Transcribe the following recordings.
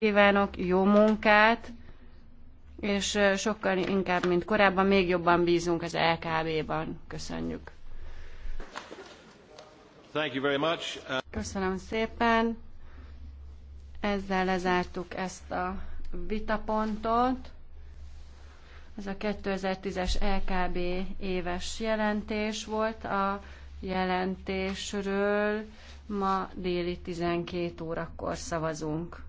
kívánok, jó munkát, és sokkal inkább, mint korábban, még jobban bízunk az LKB-ban. Köszönjük. Thank you very much. Uh, Köszönöm szépen. Ezzel lezártuk ezt a vitapontot. Ez a 2010-es LKB éves jelentés volt a jelentésről. Ma déli 12 órakor szavazunk.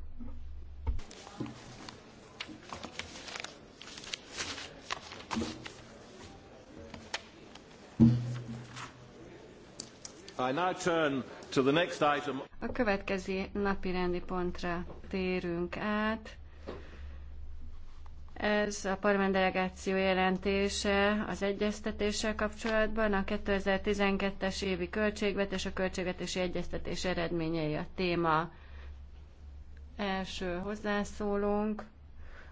A következő napi rendi pontra térünk át. Ez a parlament delegáció jelentése az egyeztetéssel kapcsolatban, a 2012-es évi költségvetés, a költségvetési egyeztetés eredményei a téma. Első hozzászólónk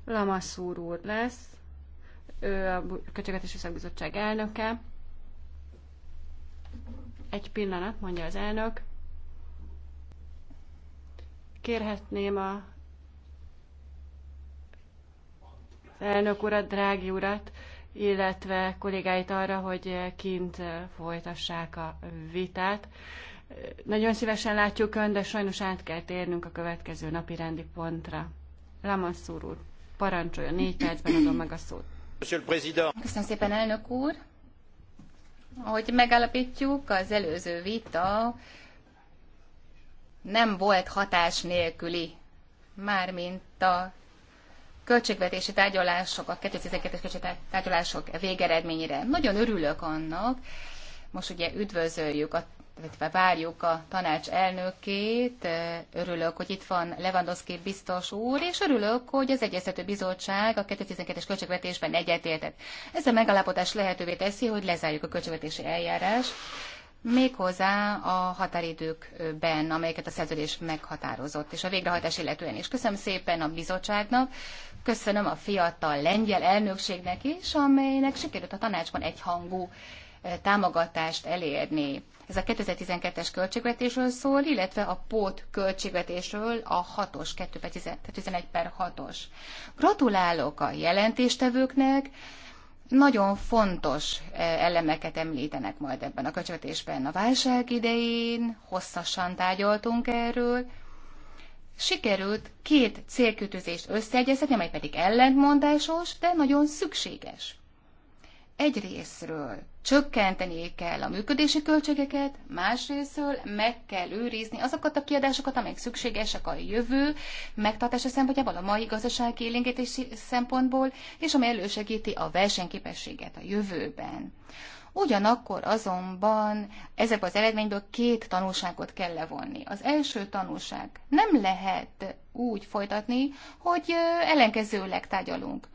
Lamaszúr úr lesz, ő a Költségvetési Szakbizottság elnöke. Egy pillanat, mondja az elnök. Kérhetném a az elnök urat, drági urat, illetve kollégáit arra, hogy kint folytassák a vitát. Nagyon szívesen látjuk Ön, de sajnos át kell térnünk a következő napi rendi pontra. Lamasszúr úr, parancsoljon, négy percben adom meg a szót. Köszönöm szépen, elnök úr! Ahogy megállapítjuk, az előző vita nem volt hatás nélküli, mármint a költségvetési tárgyalások, a 2012-es költségvetési tárgyalások végeredményére. Nagyon örülök annak, most ugye üdvözöljük a illetve várjuk a tanács elnökét. Örülök, hogy itt van Lewandowski biztos úr, és örülök, hogy az Egyeztető Bizottság a 2012-es költségvetésben egyetértett. Ez a megalapotás lehetővé teszi, hogy lezárjuk a költségvetési eljárás, méghozzá a határidőkben, amelyeket a szerződés meghatározott, és a végrehajtás illetően is. Köszönöm szépen a bizottságnak, köszönöm a fiatal lengyel elnökségnek is, amelynek sikerült a tanácsban egyhangú támogatást elérni. Ez a 2012-es költségvetésről szól, illetve a pót költségvetésről a 6-os, 11 per 6-os. Gratulálok a jelentéstevőknek, nagyon fontos e, elemeket említenek majd ebben a költségvetésben. A válság idején hosszasan tárgyaltunk erről, sikerült két célkütőzést összeegyeztetni, amely pedig ellentmondásos, de nagyon szükséges egy részről csökkenteni kell a működési költségeket, másrésztről meg kell őrizni azokat a kiadásokat, amelyek szükségesek a jövő megtartása szempontjából, a mai gazdasági élénkítési szempontból, és amely elősegíti a versenyképességet a jövőben. Ugyanakkor azonban ezek az eredményből két tanulságot kell levonni. Az első tanulság nem lehet úgy folytatni, hogy ellenkezőleg tárgyalunk.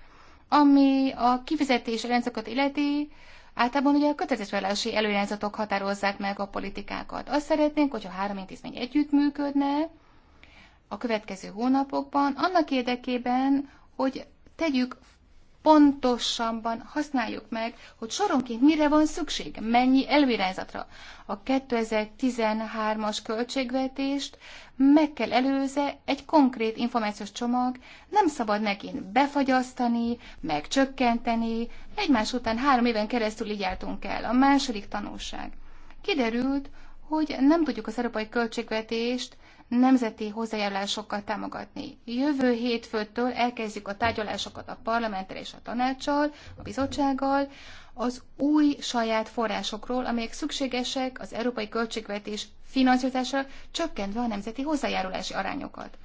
Ami a kifizetési rendszakot illeti, általában ugye a kötelezettvállalási előirányzatok határozzák meg a politikákat. Azt szeretnénk, hogyha három intézmény együttműködne a következő hónapokban, annak érdekében, hogy tegyük pontosabban használjuk meg, hogy soronként mire van szükség, mennyi előirányzatra. A 2013-as költségvetést meg kell előze egy konkrét információs csomag, nem szabad megint befagyasztani, megcsökkenteni, egymás után három éven keresztül így jártunk el. A második tanulság. Kiderült, hogy nem tudjuk az európai költségvetést nemzeti hozzájárulásokkal támogatni. Jövő hétfőtől elkezdjük a tárgyalásokat a parlamenttel és a tanácssal, a bizottsággal, az új saját forrásokról, amelyek szükségesek az európai költségvetés finanszírozására, csökkentve a nemzeti hozzájárulási arányokat.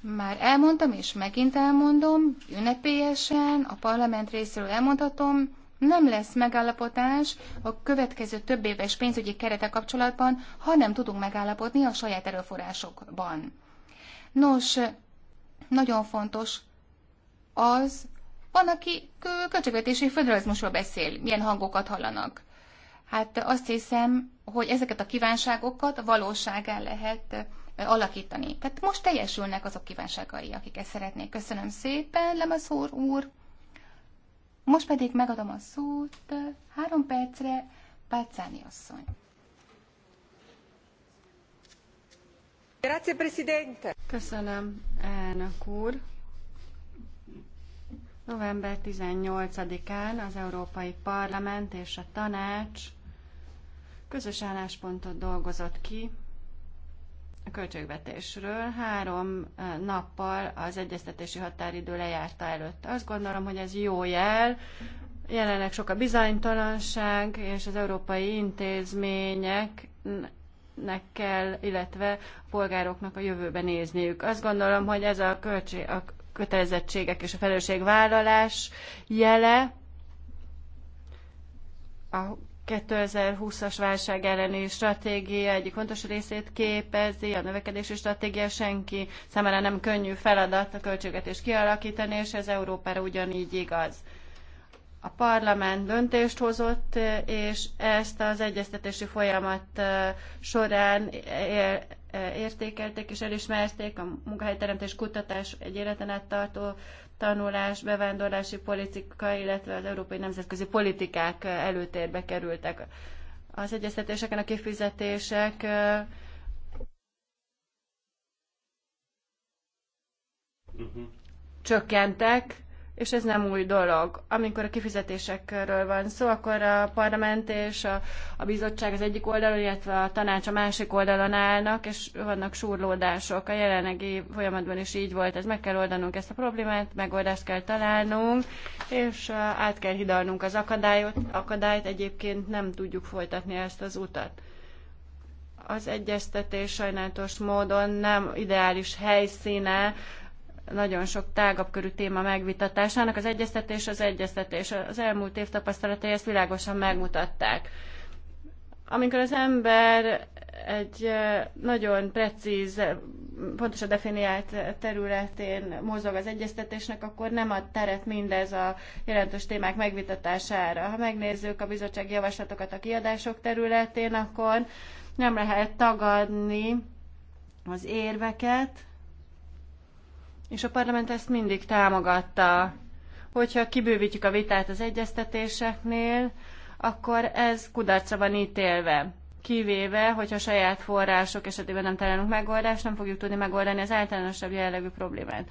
Már elmondtam, és megint elmondom, ünnepélyesen, a parlament részéről elmondhatom, nem lesz megállapodás a következő több éves pénzügyi kerete kapcsolatban, ha nem tudunk megállapodni a saját erőforrásokban. Nos, nagyon fontos az, van, aki költségvetési föderalizmusról beszél, milyen hangokat hallanak. Hát azt hiszem, hogy ezeket a kívánságokat valóságá lehet alakítani. Tehát most teljesülnek azok kívánságai, akik ezt szeretnék. Köszönöm szépen, Lemaszúr úr! Most pedig megadom a szót három percre Pálcáni asszony. Grazie, Presidente. Köszönöm, elnök úr. November 18-án az Európai Parlament és a Tanács közös álláspontot dolgozott ki a költségvetésről három eh, nappal az egyeztetési határidő lejárta előtt. Azt gondolom, hogy ez jó jel, jelenleg sok a bizonytalanság, és az európai intézmények kell, illetve a polgároknak a jövőbe nézniük. Azt gondolom, hogy ez a, költség, a kötelezettségek és a felelősségvállalás jele, a 2020-as válság elleni stratégia egyik fontos részét képezi, a növekedési stratégia senki számára nem könnyű feladat a költségvetés kialakítani, és ez Európára ugyanígy igaz. A parlament döntést hozott, és ezt az egyeztetési folyamat során értékelték és elismerték a munkahelyteremtés kutatás egy életen át tartó tanulás, bevándorlási politika, illetve az európai nemzetközi politikák előtérbe kerültek. Az egyeztetéseken a kifizetések uh-huh. csökkentek, és ez nem új dolog. Amikor a kifizetésekről van szó, akkor a parlament és a, a bizottság az egyik oldalon, illetve a tanács a másik oldalon állnak, és vannak súrlódások. A jelenlegi folyamatban is így volt, ez meg kell oldanunk ezt a problémát, megoldást kell találnunk, és át kell hidalnunk az akadályot. akadályt, egyébként nem tudjuk folytatni ezt az utat. Az egyeztetés sajnálatos módon nem ideális helyszíne nagyon sok tágabb körű téma megvitatásának. Az egyeztetés az egyeztetés. Az elmúlt év tapasztalatai ezt világosan megmutatták. Amikor az ember egy nagyon precíz, pontosan definiált területén mozog az egyeztetésnek, akkor nem ad teret mindez a jelentős témák megvitatására. Ha megnézzük a bizottsági javaslatokat a kiadások területén, akkor nem lehet tagadni az érveket, és a parlament ezt mindig támogatta. Hogyha kibővítjük a vitát az egyeztetéseknél, akkor ez kudarca van ítélve. Kivéve, hogyha saját források esetében nem találunk megoldást, nem fogjuk tudni megoldani az általánosabb jellegű problémát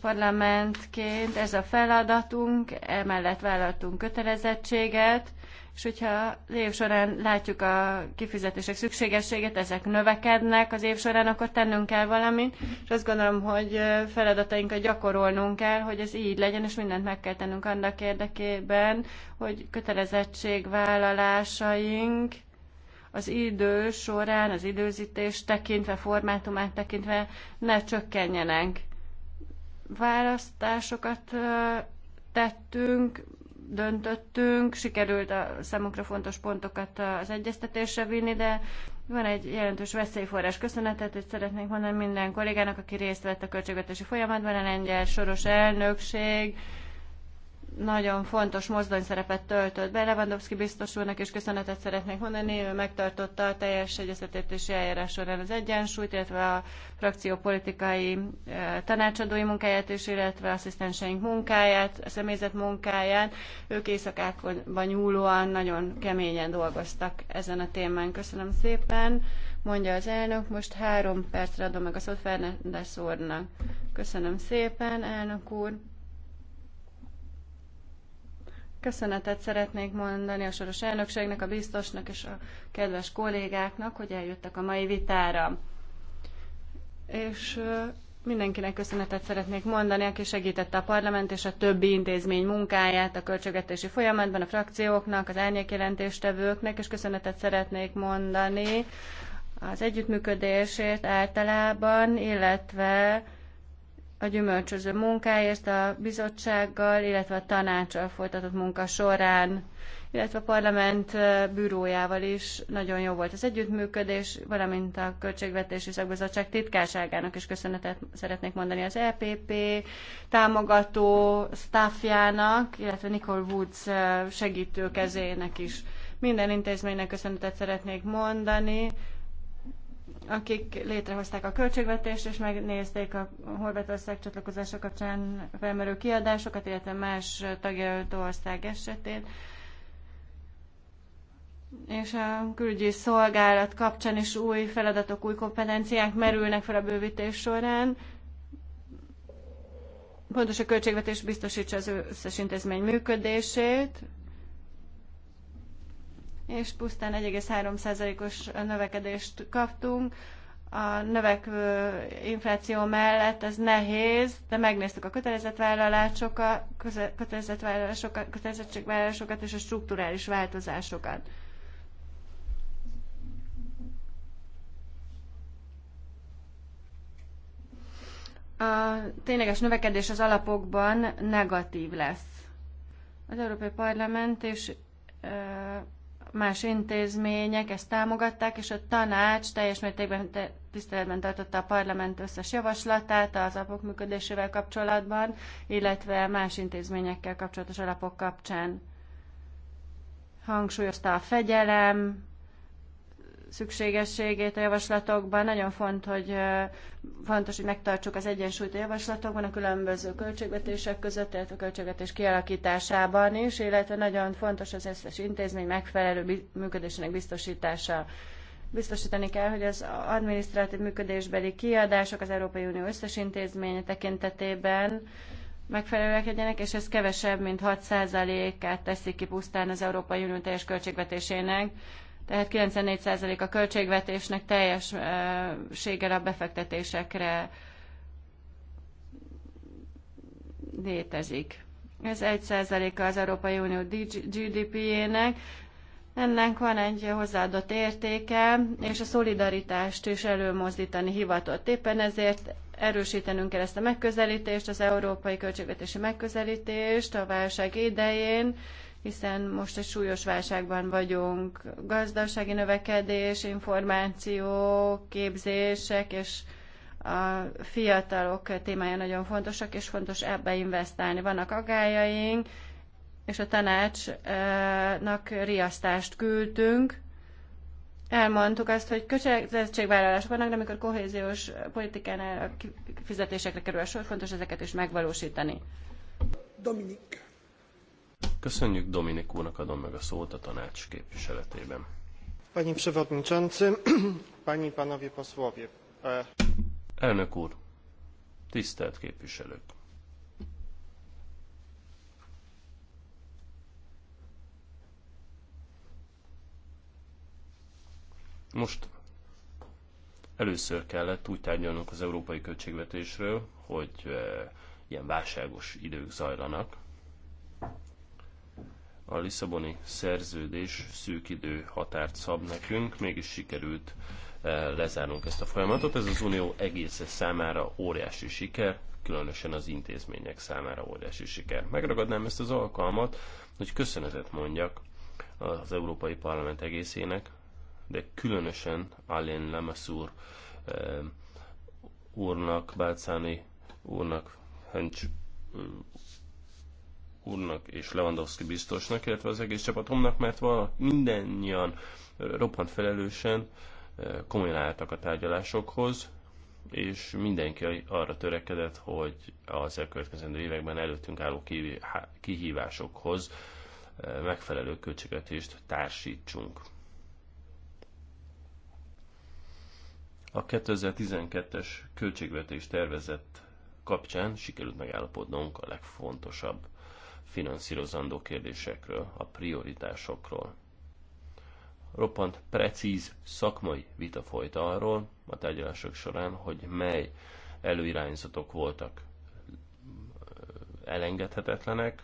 parlamentként ez a feladatunk, emellett vállaltunk kötelezettséget, és hogyha az év során látjuk a kifizetések szükségességét, ezek növekednek az év során, akkor tennünk kell valamit, és azt gondolom, hogy feladatainkat gyakorolnunk kell, hogy ez így legyen, és mindent meg kell tennünk annak érdekében, hogy kötelezettségvállalásaink az idő során, az időzítés tekintve, formátumát tekintve ne csökkenjenek. Választásokat tettünk, döntöttünk, sikerült a számunkra fontos pontokat az egyeztetésre vinni, de van egy jelentős veszélyforrás köszönetet, hogy szeretnék mondani minden kollégának, aki részt vett a költségvetési folyamatban, a lengyel soros elnökség, nagyon fontos mozdonyszerepet töltött be. Lewandowski biztos úrnak és köszönetet szeretnék mondani, ő megtartotta a teljes egyeztetési eljárás során az egyensúlyt, illetve a frakció politikai eh, tanácsadói munkáját is, illetve asszisztenseink munkáját, a személyzet munkáját. Ők éjszakákban nyúlóan nagyon keményen dolgoztak ezen a témán. Köszönöm szépen, mondja az elnök. Most három percre adom meg a szót Fernandes úrnak. Köszönöm szépen, elnök úr. Köszönetet szeretnék mondani a soros elnökségnek, a biztosnak és a kedves kollégáknak, hogy eljöttek a mai vitára. És mindenkinek köszönetet szeretnék mondani, aki segítette a parlament és a többi intézmény munkáját a költségetési folyamatban, a frakcióknak, az árnyékjelentéstevőknek, és köszönetet szeretnék mondani az együttműködésért általában, illetve a gyümölcsöző munkáért a bizottsággal, illetve a tanácsal folytatott munka során, illetve a parlament bürójával is nagyon jó volt az együttműködés, valamint a Költségvetési Szakbizottság titkárságának is köszönetet szeretnék mondani az EPP támogató staffjának, illetve Nicole Woods segítőkezének is. Minden intézménynek köszönetet szeretnék mondani, akik létrehozták a költségvetést, és megnézték a Horvátország csatlakozása kapcsán felmerő kiadásokat, illetve más tagjelölt ország esetét. És a külügyi szolgálat kapcsán is új feladatok, új kompetenciák merülnek fel a bővítés során. Pontos a költségvetés biztosítsa az összes intézmény működését, és pusztán 1,3%-os növekedést kaptunk. A növekvő infláció mellett ez nehéz, de megnéztük a kötelezettvállalásokat, kötelezettségvállalásokat és a strukturális változásokat. a tényleges növekedés az alapokban negatív lesz. Az Európai Parlament és más intézmények ezt támogatták, és a tanács teljes mértékben tiszteletben tartotta a parlament összes javaslatát az alapok működésével kapcsolatban, illetve más intézményekkel kapcsolatos alapok kapcsán. Hangsúlyozta a fegyelem, szükségességét a javaslatokban. Nagyon font, hogy, fontos, hogy megtartsuk az egyensúlyt a javaslatokban, a különböző költségvetések között, tehát a költségvetés kialakításában is, illetve nagyon fontos az összes intézmény megfelelő működésének biztosítása. Biztosítani kell, hogy az adminisztratív működésbeli kiadások az Európai Unió összes intézménye tekintetében megfelelőek legyenek, és ez kevesebb, mint 6%-át teszik ki pusztán az Európai Unió teljes költségvetésének. Tehát 94% a költségvetésnek teljességgel a befektetésekre létezik. Ez 1%-a az Európai Unió GDP-jének, ennek van egy hozzáadott értéke, és a szolidaritást is előmozdítani hivatott. Éppen ezért erősítenünk kell ezt a megközelítést, az európai költségvetési megközelítést a válság idején, hiszen most egy súlyos válságban vagyunk. Gazdasági növekedés, információ, képzések és a fiatalok témája nagyon fontosak, és fontos ebbe investálni. Vannak agályaink, és a tanácsnak riasztást küldtünk. Elmondtuk azt, hogy kötelezettségvállalások vannak, de amikor kohéziós politikánál a fizetésekre kerül a sor, fontos ezeket is megvalósítani. Dominik. Köszönjük Dominik úrnak, adom meg a szót a tanács képviseletében. Pani Przewodniczący, Pani Panowie Posłowie. E, Elnök úr, tisztelt képviselők. Most először kellett úgy tárgyalnunk az európai költségvetésről, hogy e, ilyen válságos idők zajlanak, a Lisszaboni szerződés szűk idő határt szab nekünk, mégis sikerült eh, lezárnunk ezt a folyamatot. Ez az Unió egész számára óriási siker, különösen az intézmények számára óriási siker. Megragadnám ezt az alkalmat, hogy köszönetet mondjak az Európai Parlament egészének, de különösen Alain Lamassur eh, úrnak, Bálcáni úrnak, Hencs eh, úrnak és Lewandowski biztosnak, illetve az egész csapatomnak, mert van mindannyian roppant felelősen komolyan álltak a tárgyalásokhoz, és mindenki arra törekedett, hogy az elkövetkezendő években előttünk álló kihívásokhoz megfelelő költségvetést társítsunk. A 2012-es költségvetés tervezett kapcsán sikerült megállapodnunk a legfontosabb finanszírozandó kérdésekről, a prioritásokról. Roppant precíz szakmai vita folyt arról a tárgyalások során, hogy mely előirányzatok voltak elengedhetetlenek,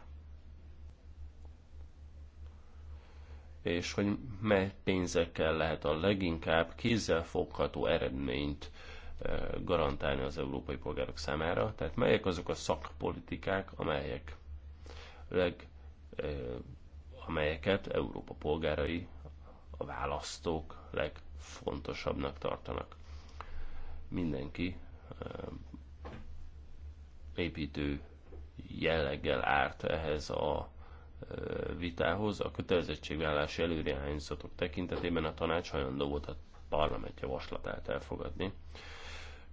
és hogy mely pénzekkel lehet a leginkább kézzelfogható eredményt garantálni az európai polgárok számára, tehát melyek azok a szakpolitikák, amelyek leg, amelyeket Európa polgárai, a választók legfontosabbnak tartanak. Mindenki építő jelleggel árt ehhez a vitához. A kötelezettségvállási előirányzatok tekintetében a tanács hajlandó volt a parlament javaslatát elfogadni.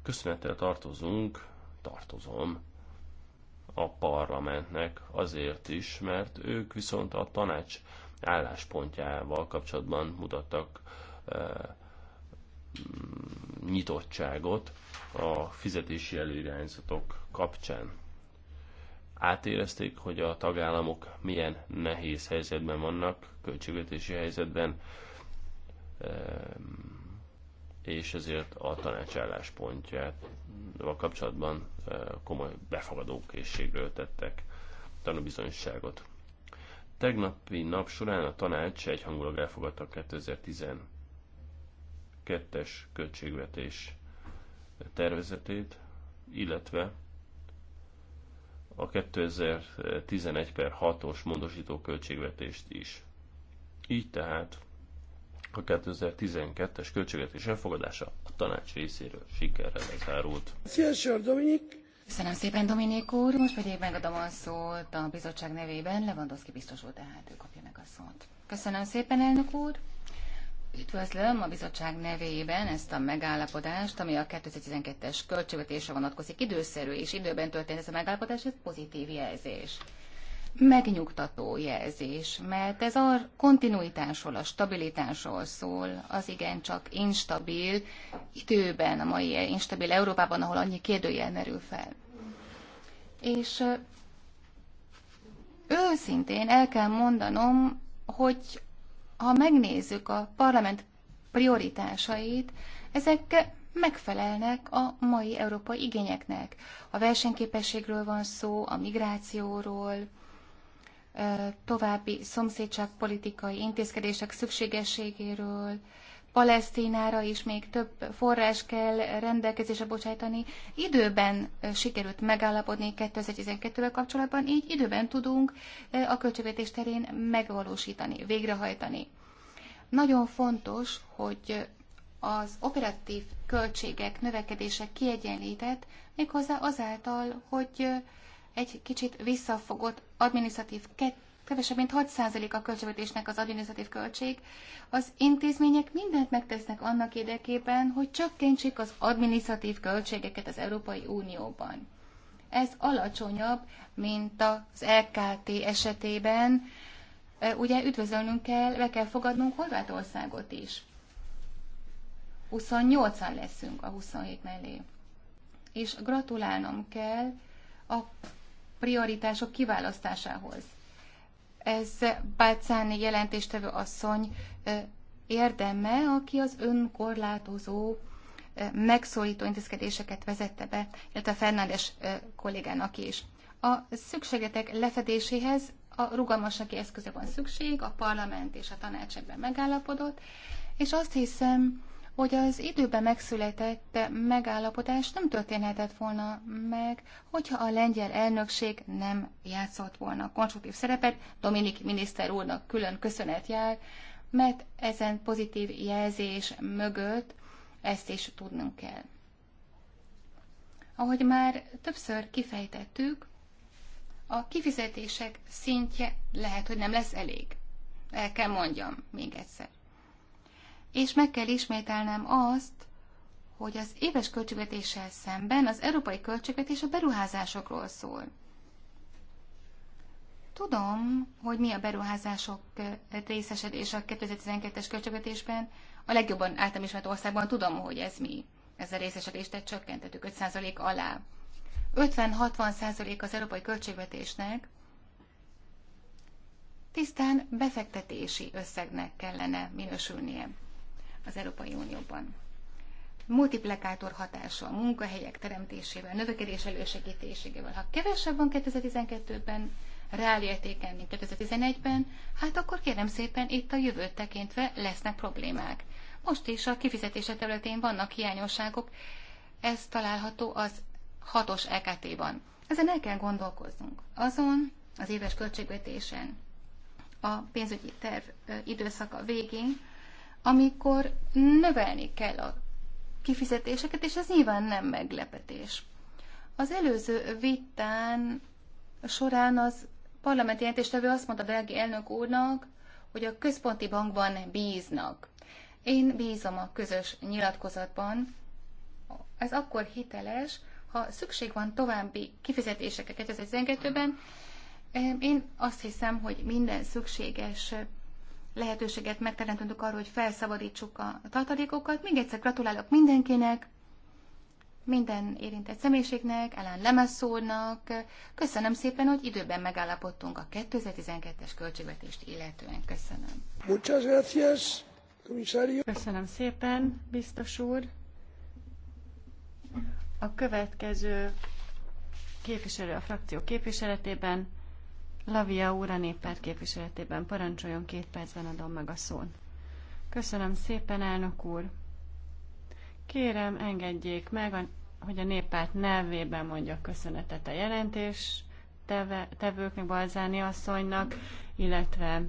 Köszönettel tartozunk, tartozom a parlamentnek azért is, mert ők viszont a tanács álláspontjával kapcsolatban mutattak e, nyitottságot a fizetési előirányzatok kapcsán. Átérezték, hogy a tagállamok milyen nehéz helyzetben vannak, költségvetési helyzetben, e, és ezért a tanács álláspontjával kapcsolatban komoly befogadó készségről tettek tanúbizonyságot. Tegnapi nap során a tanács egyhangulag elfogadta a 2012-es költségvetés tervezetét, illetve a 2011 per 6-os módosító költségvetést is. Így tehát a 2012-es költségvetés elfogadása a tanács részéről sikerre lezárult. Sziasztok, Dominik! Köszönöm szépen, Dominik úr. Most pedig megadom a szót a bizottság nevében. Lewandowski biztos volt, tehát ő kapja meg a szót. Köszönöm szépen, elnök úr. Üdvözlöm a bizottság nevében ezt a megállapodást, ami a 2012-es költségvetésre vonatkozik. Időszerű és időben történt ez a megállapodás, ez pozitív jelzés megnyugtató jelzés, mert ez a kontinuitásról, a stabilitásról szól, az csak instabil időben, a mai instabil Európában, ahol annyi kérdőjel merül fel. És őszintén el kell mondanom, hogy ha megnézzük a parlament prioritásait, ezek megfelelnek a mai európai igényeknek. A versenyképességről van szó, a migrációról, további szomszédságpolitikai intézkedések szükségességéről, Palesztinára is még több forrás kell rendelkezésre bocsájtani. Időben sikerült megállapodni 2012-vel kapcsolatban, így időben tudunk a költségvetés terén megvalósítani, végrehajtani. Nagyon fontos, hogy az operatív költségek növekedése kiegyenlített, méghozzá azáltal, hogy egy kicsit visszafogott adminisztratív kevesebb mint 6% a költségvetésnek az adminisztratív költség. Az intézmények mindent megtesznek annak érdekében, hogy csökkentsék az adminisztratív költségeket az Európai Unióban. Ez alacsonyabb, mint az LKT esetében. Ugye üdvözölnünk kell, be kell fogadnunk Horvátországot is. 28-an leszünk a 27 mellé. És gratulálnom kell a prioritások kiválasztásához. Ez Bácáni jelentéstevő asszony érdeme, aki az önkorlátozó megszólító intézkedéseket vezette be, illetve Fernándes kollégának is. A szükségetek lefedéséhez a rugalmassági eszköze van szükség, a parlament és a tanács ebben megállapodott, és azt hiszem, hogy az időben megszületett megállapodás nem történhetett volna meg, hogyha a lengyel elnökség nem játszott volna konstruktív szerepet. Dominik miniszter úrnak külön köszönet jár, mert ezen pozitív jelzés mögött ezt is tudnunk kell. Ahogy már többször kifejtettük, a kifizetések szintje lehet, hogy nem lesz elég. El kell mondjam még egyszer és meg kell ismételnem azt, hogy az éves költségvetéssel szemben az európai költségvetés a beruházásokról szól. Tudom, hogy mi a beruházások részesedése a 2012-es költségvetésben. A legjobban általam ismert országban tudom, hogy ez mi. Ez a részesedést tehát csökkentettük 5% alá. 50-60% az európai költségvetésnek tisztán befektetési összegnek kellene minősülnie az Európai Unióban. Multiplikátor hatása a munkahelyek teremtésével, növekedés elősegítésével. Ha kevesebb van 2012-ben, reálértéken, mint 2011-ben, hát akkor kérem szépen itt a jövőt tekintve lesznek problémák. Most is a kifizetése területén vannak hiányosságok, ez található az hatos EKT-ban. Ezen el kell gondolkoznunk. Azon az éves költségvetésen a pénzügyi terv időszaka végén, amikor növelni kell a kifizetéseket, és ez nyilván nem meglepetés. Az előző vitán során az parlamenti jelentéstevő azt mondta belgi elnök úrnak, hogy a központi bankban bíznak. Én bízom a közös nyilatkozatban. Ez akkor hiteles, ha szükség van további kifizetéseket 2012-ben, én azt hiszem, hogy minden szükséges lehetőséget megteremtünk arra, hogy felszabadítsuk a tartalékokat. Még egyszer gratulálok mindenkinek, minden érintett személyiségnek, Ellen Lemesszónak. Köszönöm szépen, hogy időben megállapodtunk a 2012-es költségvetést illetően. Köszönöm. Muchas gracias, comisario. Köszönöm szépen, biztos úr. A következő képviselő a frakció képviseletében Lavia úr a néppárt képviseletében parancsoljon, két percben adom meg a szót. Köszönöm szépen, elnök úr. Kérem, engedjék meg, hogy a néppárt nevében mondja köszönetet a jelentés tevőknek, Balzáni asszonynak, illetve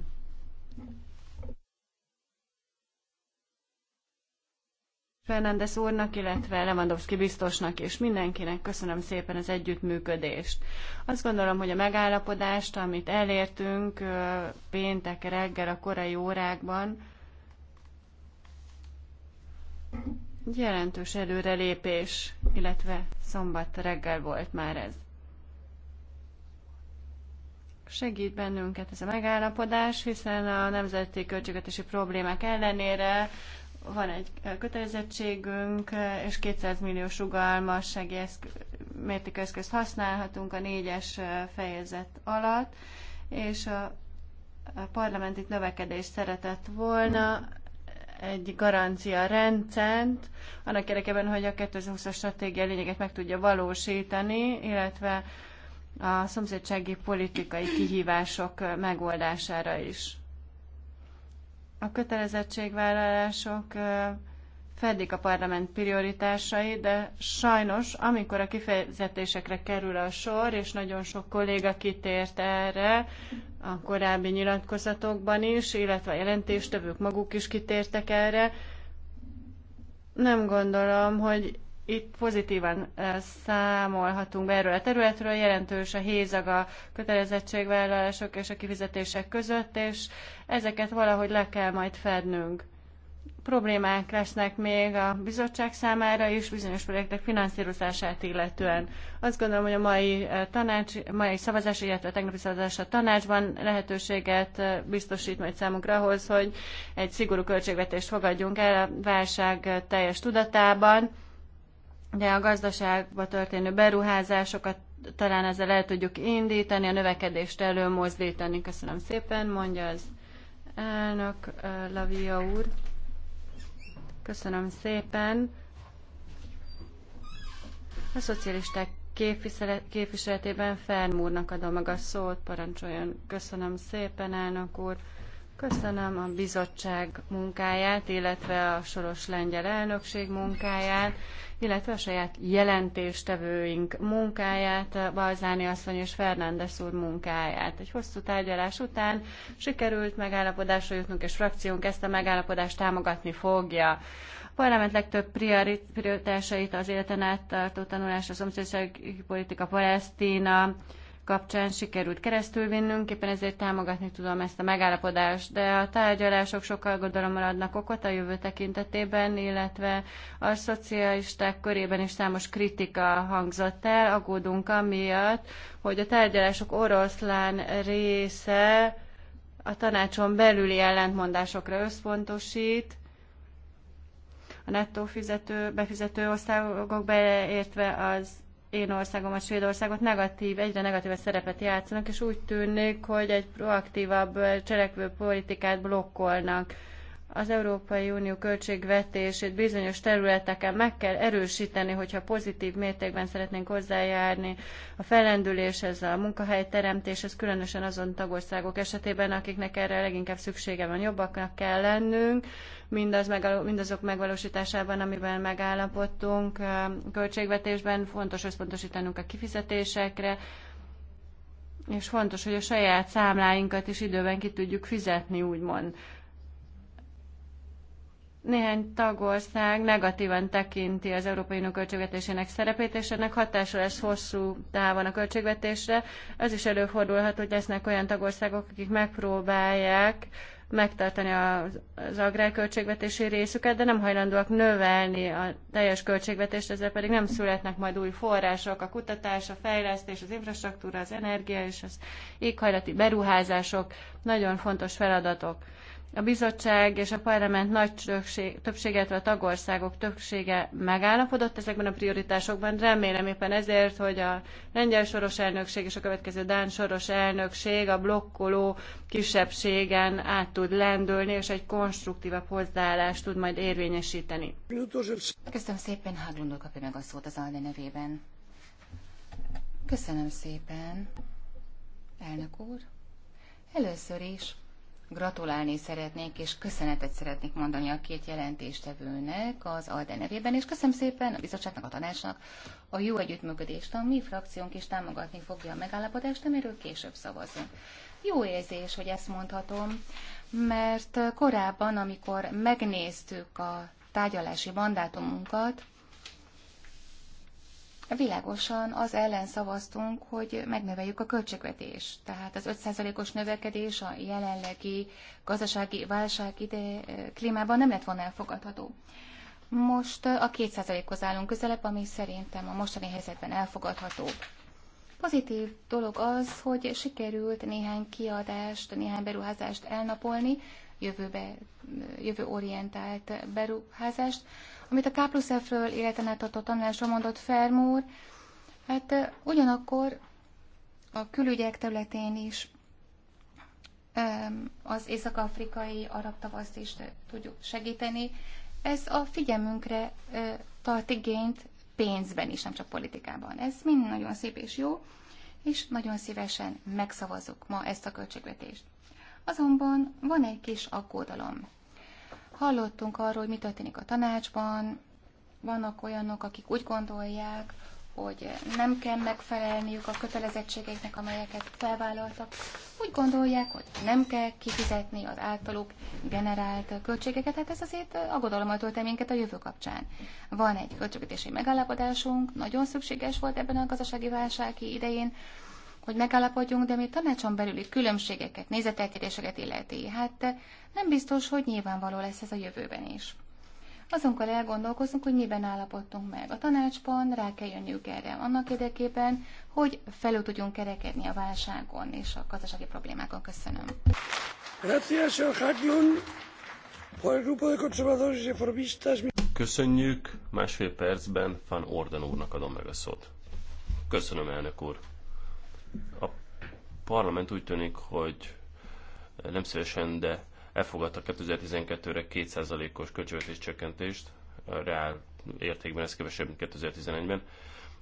Fernández úrnak, illetve Lewandowski biztosnak és mindenkinek köszönöm szépen az együttműködést. Azt gondolom, hogy a megállapodást, amit elértünk péntek reggel a korai órákban, jelentős előrelépés, illetve szombat reggel volt már ez. Segít bennünket ez a megállapodás, hiszen a nemzeti költségvetési problémák ellenére van egy kötelezettségünk, és 200 milliós rugalmassági eszköz, mértékű eszközt használhatunk a négyes fejezet alatt, és a, a parlament itt növekedést szeretett volna, egy garancia rendszert, annak érdekében, hogy a 2020-as stratégia lényeget meg tudja valósítani, illetve a szomszédsági politikai kihívások megoldására is. A kötelezettségvállalások fedik a parlament prioritásai, de sajnos, amikor a kifejezetésekre kerül a sor, és nagyon sok kolléga kitért erre a korábbi nyilatkozatokban is, illetve a jelentéstevők maguk is kitértek erre, nem gondolom, hogy itt pozitívan számolhatunk be erről a területről, jelentős a hézag a kötelezettségvállalások és a kifizetések között, és ezeket valahogy le kell majd fednünk. Problémák lesznek még a bizottság számára is, bizonyos projektek finanszírozását illetően. Azt gondolom, hogy a mai, tanács, mai szavazás, illetve a tegnapi szavazás a tanácsban lehetőséget biztosít majd számunkra ahhoz, hogy egy szigorú költségvetést fogadjunk el a válság teljes tudatában de a gazdaságba történő beruházásokat talán ezzel el tudjuk indítani, a növekedést előmozdítani. Köszönöm szépen, mondja az elnök eh, Lavia úr. Köszönöm szépen. A szocialisták képviseletében Fernmúrnak adom meg a szót, parancsoljon. Köszönöm szépen, elnök úr. Köszönöm a bizottság munkáját, illetve a soros lengyel elnökség munkáját, illetve a saját jelentéstevőink munkáját, Balzáni asszony és Fernández úr munkáját. Egy hosszú tárgyalás után sikerült megállapodásra jutnunk, és frakciónk ezt a megállapodást támogatni fogja. A parlament legtöbb prioritásait az életen át tartó tanulás, a szomszédsági politika, Palesztina, kapcsán sikerült keresztülvinnünk, éppen ezért támogatni tudom ezt a megállapodást, de a tárgyalások sokkal gondolommal adnak okot a jövő tekintetében, illetve a szocialisták körében is számos kritika hangzott el, aggódunk amiatt, hogy a tárgyalások oroszlán része a tanácson belüli ellentmondásokra összpontosít, a nettó fizető, befizető országok beleértve az én országom a Svédországot negatív, egyre negatívabb szerepet játszanak, és úgy tűnik, hogy egy proaktívabb cselekvő politikát blokkolnak az Európai Unió költségvetését bizonyos területeken meg kell erősíteni, hogyha pozitív mértékben szeretnénk hozzájárni a fellendüléshez, a munkahelyteremtéshez, különösen azon tagországok esetében, akiknek erre leginkább szüksége van, jobbaknak kell lennünk, mindaz, mindazok megvalósításában, amiben megállapodtunk költségvetésben, fontos összpontosítanunk a kifizetésekre, és fontos, hogy a saját számláinkat is időben ki tudjuk fizetni, úgymond néhány tagország negatívan tekinti az Európai Unió költségvetésének szerepét, és ennek hatása lesz hosszú távon a költségvetésre. Az is előfordulhat, hogy lesznek olyan tagországok, akik megpróbálják megtartani az, agrárköltségvetési részüket, de nem hajlandóak növelni a teljes költségvetést, ezzel pedig nem születnek majd új források, a kutatás, a fejlesztés, az infrastruktúra, az energia és az éghajlati beruházások, nagyon fontos feladatok. A bizottság és a parlament nagy többsége, illetve a tagországok többsége megállapodott ezekben a prioritásokban. Remélem éppen ezért, hogy a lengyel soros elnökség és a következő dán soros elnökség a blokkoló kisebbségen át tud lendülni, és egy konstruktívabb hozzáállást tud majd érvényesíteni. Köszönöm szépen, Haglundó kapja meg a szót az Alde nevében. Köszönöm szépen, elnök úr. Először is gratulálni szeretnék, és köszönetet szeretnék mondani a két jelentéstevőnek az ALDE nevében, és köszönöm szépen a bizottságnak, a tanácsnak a jó együttműködést. A mi frakciónk is támogatni fogja a megállapodást, amiről később szavazunk. Jó érzés, hogy ezt mondhatom, mert korábban, amikor megnéztük a tárgyalási mandátumunkat, világosan az ellen szavaztunk, hogy megnöveljük a költségvetést. Tehát az 5%-os növekedés a jelenlegi gazdasági válság ide klímában nem lett volna elfogadható. Most a 2%-hoz állunk közelebb, ami szerintem a mostani helyzetben elfogadható. Pozitív dolog az, hogy sikerült néhány kiadást, néhány beruházást elnapolni, jövőbe, jövő orientált beruházást, amit a K plusz F-ről életen át tanulásra mondott Fermúr, hát ugyanakkor a külügyek területén is az észak-afrikai arab tavaszt is tudjuk segíteni. Ez a figyelmünkre tart igényt pénzben is, nem csak politikában. Ez mind nagyon szép és jó, és nagyon szívesen megszavazok ma ezt a költségvetést. Azonban van egy kis aggódalom. Hallottunk arról, hogy mi történik a tanácsban, vannak olyanok, akik úgy gondolják, hogy nem kell megfelelniük a kötelezettségeknek, amelyeket felvállaltak. Úgy gondolják, hogy nem kell kifizetni az általuk generált költségeket, hát ez azért aggodalommal tölt minket a jövő kapcsán. Van egy költségvetési megállapodásunk, nagyon szükséges volt ebben a gazdasági válság idején, hogy megállapodjunk, de mi tanácson belüli különbségeket, nézeteltéréseket illeti, hát eh, nem biztos, hogy nyilvánvaló lesz ez a jövőben is. Azon elgondolkozunk, hogy miben állapodtunk meg a tanácsban, rá kell jönniük erre annak érdekében, hogy felül tudjunk kerekedni a válságon és a gazdasági problémákon. Köszönöm. Köszönjük. Másfél percben Van Orden úrnak adom meg a szót. Köszönöm, elnök úr. A parlament úgy tűnik, hogy nem szívesen, de elfogadta 2012-re 2%-os költségvetés csökkentést, reál értékben ez kevesebb, mint 2011-ben,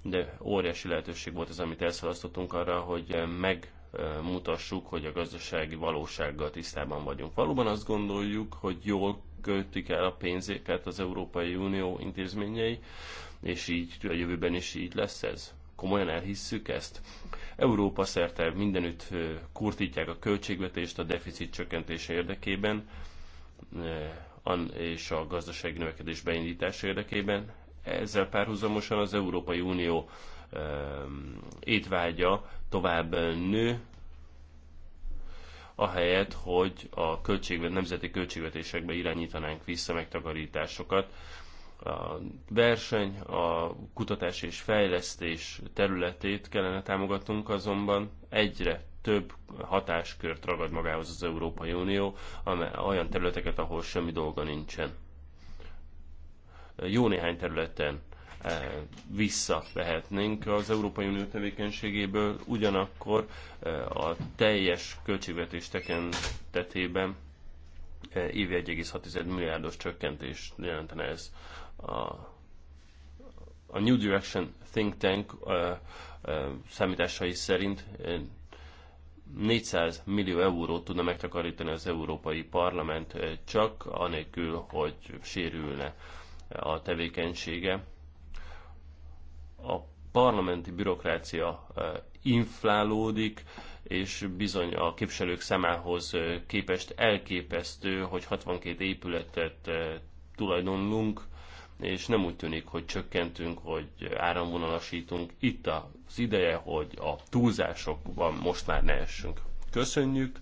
de óriási lehetőség volt ez, amit elszalasztottunk arra, hogy megmutassuk, hogy a gazdasági valósággal tisztában vagyunk. Valóban azt gondoljuk, hogy jól költik el a pénzéket az Európai Unió intézményei, és így a jövőben is így lesz ez? komolyan elhisszük ezt? Európa szerte mindenütt kurtítják a költségvetést a deficit csökkentése érdekében és a gazdasági növekedés beindítása érdekében. Ezzel párhuzamosan az Európai Unió étvágya tovább nő, ahelyett, hogy a költségvet, nemzeti költségvetésekbe irányítanánk vissza megtakarításokat, a verseny, a kutatás és fejlesztés területét kellene támogatnunk, azonban egyre több hatáskört ragad magához az Európai Unió, amely olyan területeket, ahol semmi dolga nincsen. Jó néhány területen eh, visszavehetnénk az Európai Unió tevékenységéből, ugyanakkor eh, a teljes költségvetés tekintetében eh, évi 1,6 milliárdos csökkentést jelentene ez a, a New Direction Think Tank uh, uh, számításai szerint 400 millió eurót tudna megtakarítani az Európai Parlament csak anélkül, hogy sérülne a tevékenysége. A parlamenti bürokrácia inflálódik, és bizony a képviselők számához képest elképesztő, hogy 62 épületet tulajdonlunk, és nem úgy tűnik, hogy csökkentünk, hogy áramvonalasítunk. Itt az ideje, hogy a túlzásokban most már ne essünk. Köszönjük!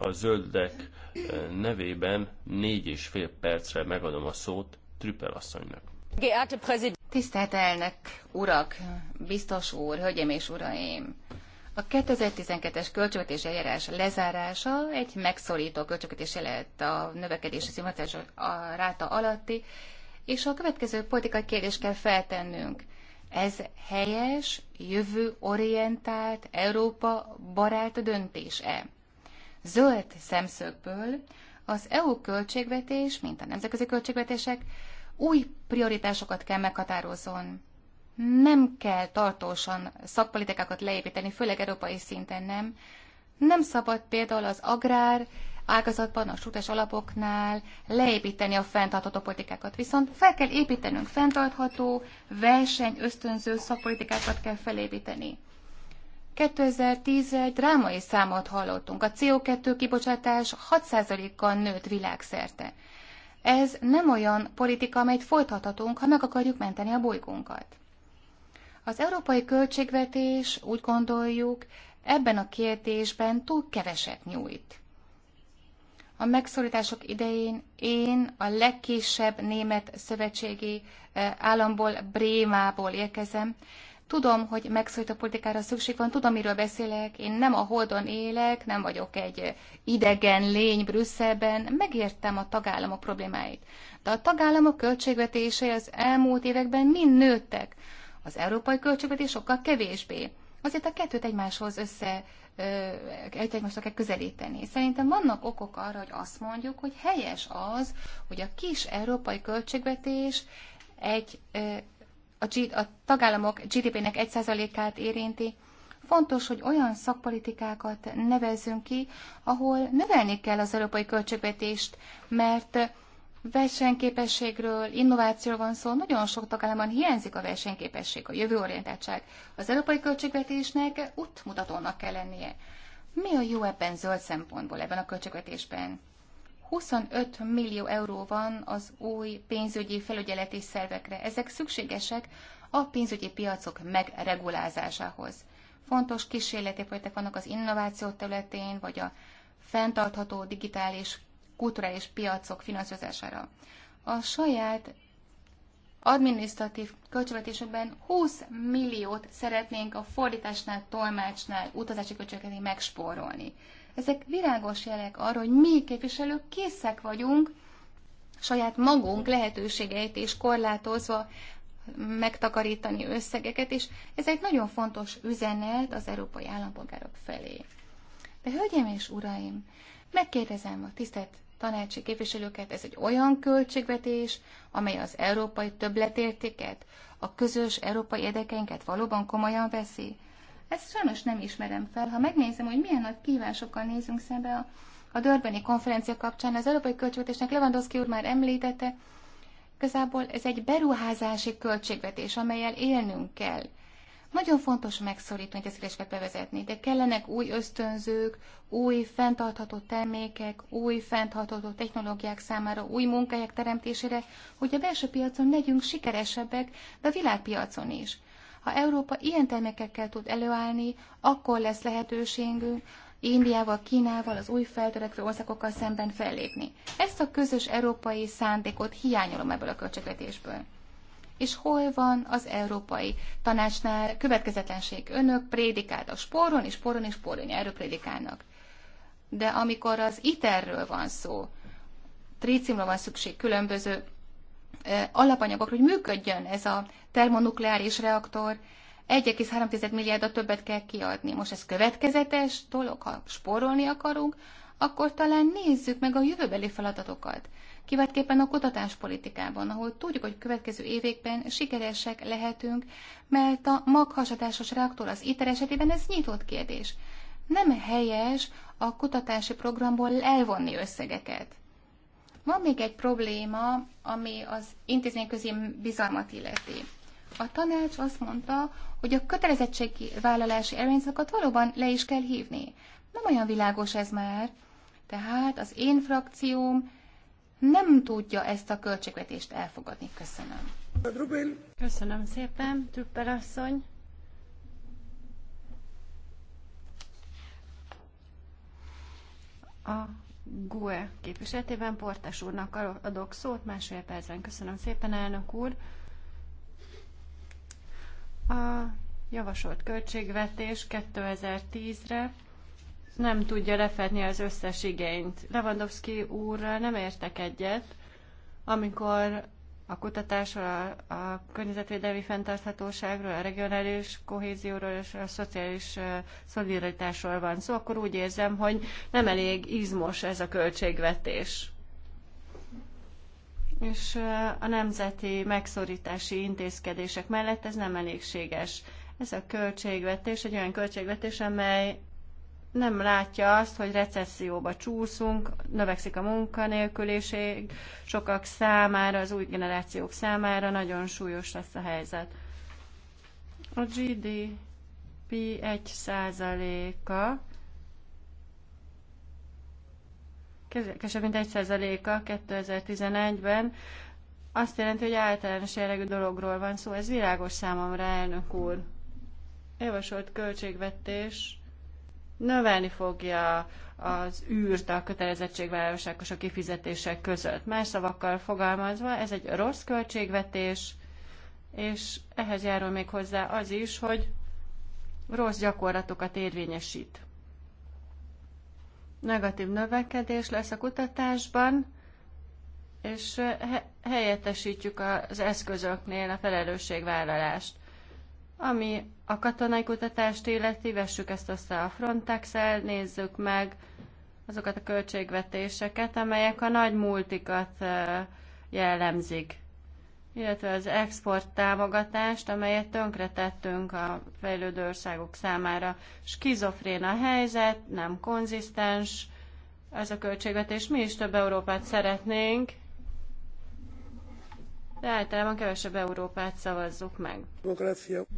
A zöldek eh, nevében négy és fél percre megadom a szót Trüppel asszonynak. Tisztelt elnök, urak, biztos úr, hölgyem és uraim! A 2012-es költségvetés eljárás lezárása egy megszorító költségvetés lehet a növekedési szimulatásos ráta alatti és a következő politikai kérdést kell feltennünk. Ez helyes, jövőorientált, Európa barát döntés-e? Zöld szemszögből az EU költségvetés, mint a nemzetközi költségvetések, új prioritásokat kell meghatározon. Nem kell tartósan szakpolitikákat leépíteni, főleg európai szinten nem. Nem szabad például az agrár ágazatban, a sutes alapoknál leépíteni a fenntartható politikákat. Viszont fel kell építenünk fenntartható, verseny ösztönző szakpolitikákat kell felépíteni. 2010-re drámai számot hallottunk. A CO2 kibocsátás 6%-kal nőtt világszerte. Ez nem olyan politika, amelyet folytathatunk, ha meg akarjuk menteni a bolygónkat. Az európai költségvetés, úgy gondoljuk, ebben a kérdésben túl keveset nyújt. A megszorítások idején én a legkisebb német szövetségi eh, államból, Brémából érkezem. Tudom, hogy megszólító politikára szükség van, tudom, miről beszélek, én nem a holdon élek, nem vagyok egy eh, idegen lény Brüsszelben, megértem a tagállamok problémáit. De a tagállamok költségvetése az elmúlt években mind nőttek, az európai költségvetés sokkal kevésbé. Azért a kettőt egymáshoz össze egymásnak kell közelíteni. Szerintem vannak okok arra, hogy azt mondjuk, hogy helyes az, hogy a kis európai költségvetés egy, a, G, a tagállamok GDP-nek 1%-át érinti, Fontos, hogy olyan szakpolitikákat nevezzünk ki, ahol növelni kell az európai költségvetést, mert versenyképességről, innovációról van szó, nagyon sok tagállamban hiányzik a versenyképesség, a jövőorientáltság. Az európai költségvetésnek útmutatónak kell lennie. Mi a jó ebben zöld szempontból, ebben a költségvetésben? 25 millió euró van az új pénzügyi felügyeleti szervekre. Ezek szükségesek a pénzügyi piacok megregulázásához. Fontos kísérleti projektek vannak az innováció területén, vagy a fenntartható digitális kulturális piacok finanszírozására. A saját adminisztratív költségvetésükben 20 milliót szeretnénk a fordításnál, tolmácsnál, utazási költségeket megspórolni. Ezek virágos jelek arra, hogy mi képviselők készek vagyunk saját magunk lehetőségeit és korlátozva megtakarítani összegeket, és ez egy nagyon fontos üzenet az európai állampolgárok felé. De hölgyeim és uraim, megkérdezem a tisztelt tanácsi képviselőket, ez egy olyan költségvetés, amely az európai többletértéket, a közös európai érdekeinket valóban komolyan veszi. Ezt sajnos nem ismerem fel. Ha megnézem, hogy milyen nagy kívásokkal nézünk szembe a, a Dörbeni konferencia kapcsán, az európai költségvetésnek Lewandowski úr már említette, igazából ez egy beruházási költségvetés, amelyel élnünk kell. Nagyon fontos megszorítani, hogy ezeket bevezetni, de kellenek új ösztönzők, új fenntartható termékek, új fenntartható technológiák számára, új munkahelyek teremtésére, hogy a belső piacon legyünk sikeresebbek, de a világpiacon is. Ha Európa ilyen termékekkel tud előállni, akkor lesz lehetőségünk Indiával, Kínával, az új feltörekvő országokkal szemben fellépni. Ezt a közös európai szándékot hiányolom ebből a költségvetésből és hol van az Európai Tanácsnál következetlenség. Önök a sporon, és sporon, és sporon, erről prédikálnak. De amikor az iterről van szó, trícimra van szükség különböző alapanyagokra, hogy működjön ez a termonukleáris reaktor, 1,3 milliárdot többet kell kiadni. Most ez következetes dolog, ha spórolni akarunk, akkor talán nézzük meg a jövőbeli feladatokat kivetképpen a kutatáspolitikában, ahol tudjuk, hogy következő években sikeresek lehetünk, mert a maghasadásos reaktor az ITER esetében ez nyitott kérdés. Nem helyes a kutatási programból elvonni összegeket. Van még egy probléma, ami az intézményközi bizalmat illeti. A tanács azt mondta, hogy a kötelezettségi vállalási előnyzőket valóban le is kell hívni. Nem olyan világos ez már. Tehát az én frakcióm nem tudja ezt a költségvetést elfogadni. Köszönöm. Köszönöm szépen, Tüppel asszony. A GUE képviseletében Portás úrnak adok szót, másfél percben. Köszönöm szépen, elnök úr. A javasolt költségvetés 2010-re nem tudja lefedni az összes igényt. Lewandowski úrral nem értek egyet, amikor a kutatásról, a, a környezetvédelmi fenntarthatóságról, a regionális kohézióról és a szociális uh, szolidaritásról van szó, szóval akkor úgy érzem, hogy nem elég izmos ez a költségvetés. És uh, a nemzeti megszorítási intézkedések mellett ez nem elégséges. Ez a költségvetés egy olyan költségvetés, amely nem látja azt, hogy recesszióba csúszunk, növekszik a munkanélküliség, sokak számára, az új generációk számára nagyon súlyos lesz a helyzet. A GDP 1%-a, kevesebb mint 1%-a 2011-ben, azt jelenti, hogy általános jellegű dologról van szó. Ez világos számomra, elnök úr. Javasolt költségvetés növelni fogja az űrt a kötelezettségvállalások a kifizetések között. Más szavakkal fogalmazva, ez egy rossz költségvetés, és ehhez járul még hozzá az is, hogy rossz gyakorlatokat érvényesít. Negatív növekedés lesz a kutatásban, és helyettesítjük az eszközöknél a felelősségvállalást. Ami a katonai kutatást illeti, vessük ezt össze a frontex -el, nézzük meg azokat a költségvetéseket, amelyek a nagy multikat jellemzik, illetve az export támogatást, amelyet tönkretettünk a fejlődő országok számára. Skizofrén a helyzet, nem konzisztens ez a költségvetés. Mi is több Európát szeretnénk, de általában kevesebb Európát szavazzuk meg.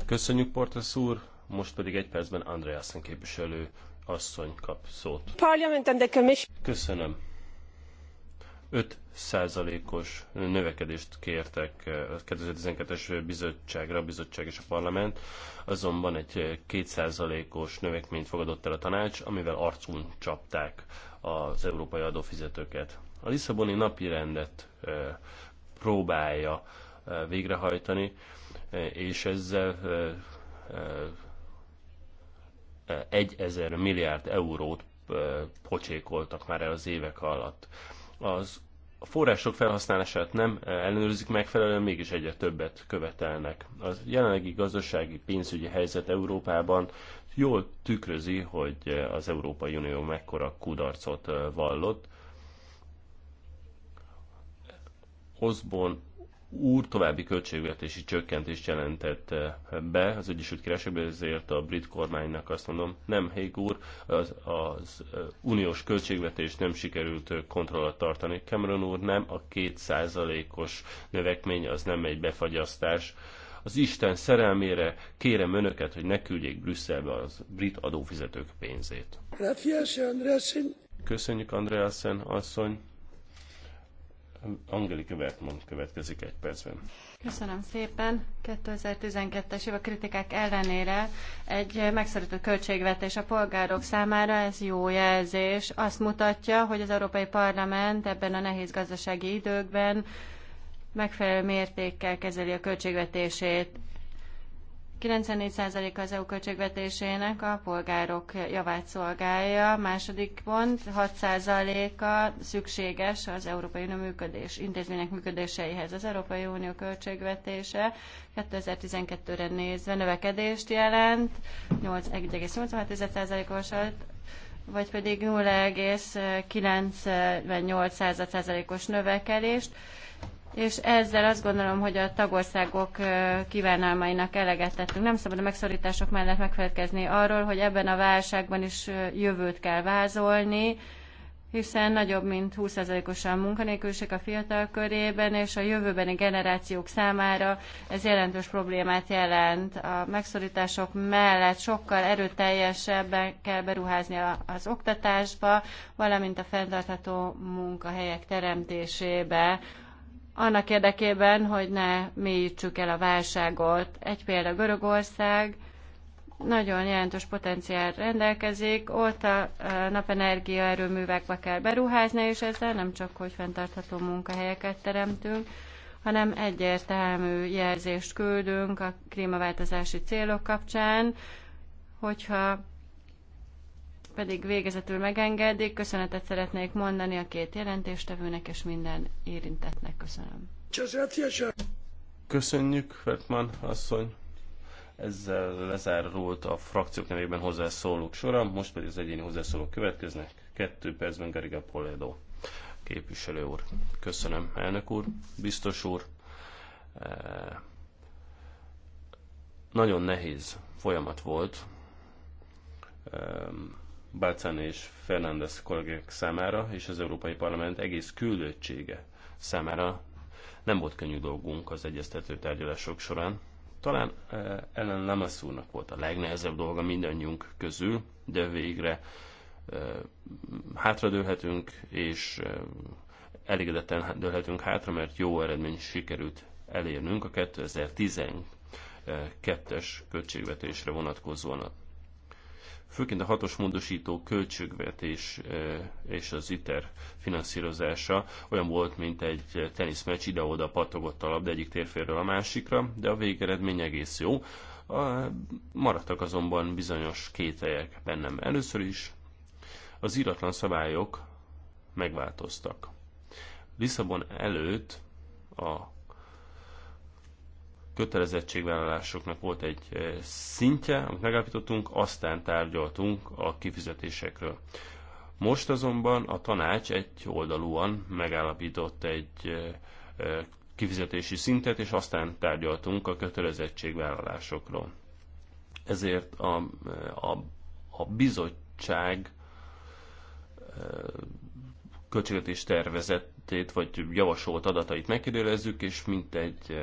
Köszönjük, Portas úr! Most pedig egy percben Andreasen képviselő asszony kap szót. Köszönöm. 5 százalékos növekedést kértek a eh, 2012-es bizottságra, a bizottság és a parlament, azonban egy 2 százalékos növekményt fogadott el a tanács, amivel arcunk csapták az európai adófizetőket. A Lisszaboni napi rendet eh, próbálja végrehajtani, és ezzel egy ezer milliárd eurót pocsékoltak már el az évek alatt. Az a források felhasználását nem ellenőrzik megfelelően, mégis egyre többet követelnek. A jelenlegi gazdasági pénzügyi helyzet Európában jól tükrözi, hogy az Európai Unió mekkora kudarcot vallott, Osborne úr további költségvetési csökkentést jelentett eh, be az Egyesült Királyságban, ezért a brit kormánynak azt mondom, nem, Haig úr, az, az eh, uniós költségvetést nem sikerült eh, kontrollat tartani. Cameron úr, nem, a kétszázalékos növekmény az nem egy befagyasztás. Az Isten szerelmére kérem önöket, hogy ne küldjék Brüsszelbe az brit adófizetők pénzét. Köszönjük, Andreasen asszony. Angelika Wertmann következik egy percben. Köszönöm szépen. 2012-es év a kritikák ellenére egy megszorító költségvetés a polgárok számára, ez jó jelzés. Azt mutatja, hogy az Európai Parlament ebben a nehéz gazdasági időkben megfelelő mértékkel kezeli a költségvetését. 94% az EU költségvetésének a polgárok javát szolgálja. Második pont, 6%-a szükséges az Európai Unió működés, intézmények működéseihez. Az Európai Unió költségvetése 2012-re nézve növekedést jelent, 1,86%-osat, vagy pedig 0,98%-os növekedést és ezzel azt gondolom, hogy a tagországok kívánalmainak eleget tettünk. Nem szabad a megszorítások mellett megfelelkezni arról, hogy ebben a válságban is jövőt kell vázolni, hiszen nagyobb, mint 20%-os a munkanélküliség a fiatal körében, és a jövőbeni generációk számára ez jelentős problémát jelent. A megszorítások mellett sokkal erőteljesebben kell beruházni az oktatásba, valamint a fenntartható munkahelyek teremtésébe annak érdekében, hogy ne mélyítsük el a válságot. Egy példa Görögország nagyon jelentős potenciál rendelkezik, ott a napenergia erőművekbe kell beruházni, és ezzel nem csak, hogy fenntartható munkahelyeket teremtünk, hanem egyértelmű jelzést küldünk a klímaváltozási célok kapcsán, hogyha pedig végezetül megengedik. Köszönetet szeretnék mondani a két jelentéstevőnek és minden érintetnek. Köszönöm. Köszönjük, Fertman asszony. Ezzel lezárult a frakciók nevében hozzászólók sora, most pedig az egyéni hozzászólók következnek. Kettő percben Gariga Poledo képviselő úr. Köszönöm, elnök úr, biztos úr. E, nagyon nehéz folyamat volt. E, Bácán és Fernández kollégák számára és az Európai Parlament egész küldöttsége számára nem volt könnyű dolgunk az egyeztető tárgyalások során. Talán eh, Ellen Lamassúrnak volt a legnehezebb dolga mindannyiunk közül, de végre eh, hátradőlhetünk, és eh, elégedetten dőlhetünk hátra, mert jó eredmény sikerült elérnünk a 2012-es költségvetésre vonatkozóan főként a hatos módosító költségvetés e, és az ITER finanszírozása olyan volt, mint egy teniszmeccs, ide-oda patogott a labda egyik térférről a másikra, de a végeredmény egész jó. Maradtak azonban bizonyos kételyek bennem. Először is az íratlan szabályok megváltoztak. Lisszabon előtt a kötelezettségvállalásoknak volt egy eh, szintje, amit megállapítottunk, aztán tárgyaltunk a kifizetésekről. Most azonban a tanács egy oldalúan megállapított egy eh, eh, kifizetési szintet, és aztán tárgyaltunk a kötelezettségvállalásokról. Ezért a, a, a bizottság költségvetés tervezetét vagy javasolt adatait megkérdőlezzük, és mint egy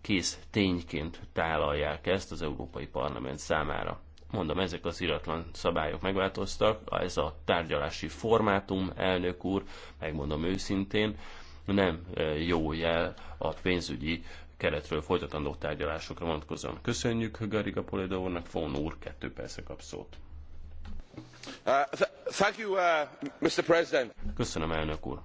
kész tényként tálalják ezt az Európai Parlament számára. Mondom, ezek az iratlan szabályok megváltoztak, ez a tárgyalási formátum, elnök úr, megmondom őszintén, nem jó jel a pénzügyi keretről folytatandó tárgyalásokra vonatkozóan. Köszönjük Gariga Poledo úrnak, Fon úr, kettő percre kap szót. Uh, th- thank you, uh, Mr. President. Köszönöm, elnök úr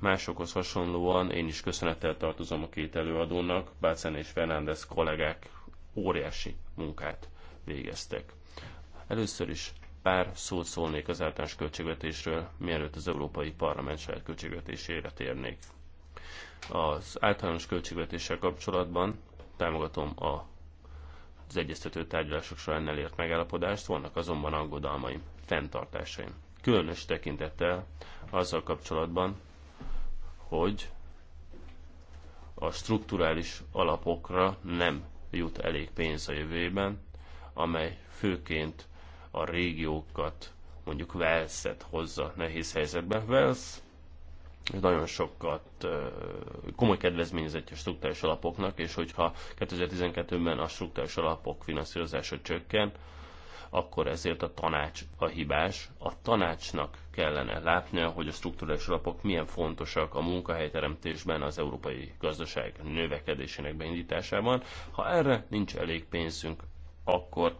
Másokhoz hasonlóan én is köszönettel tartozom a két előadónak, Bácen és Fernández kollégák óriási munkát végeztek. Először is pár szót szólnék az általános költségvetésről, mielőtt az Európai Parlament saját költségvetésére térnék. Az általános költségvetéssel kapcsolatban támogatom a az egyeztető tárgyalások során elért megállapodást, vannak azonban aggodalmaim, fenntartásaim. Különös tekintettel azzal kapcsolatban, hogy a strukturális alapokra nem jut elég pénz a jövőben, amely főként a régiókat, mondjuk Velszet hozza nehéz helyzetbe. Velsz nagyon sokat komoly kedvezményezetje a struktúrális alapoknak, és hogyha 2012-ben a struktúrális alapok finanszírozása csökken, akkor ezért a tanács a hibás. A tanácsnak kellene látnia, hogy a struktúrális alapok milyen fontosak a munkahelyteremtésben, az európai gazdaság növekedésének beindításában. Ha erre nincs elég pénzünk, akkor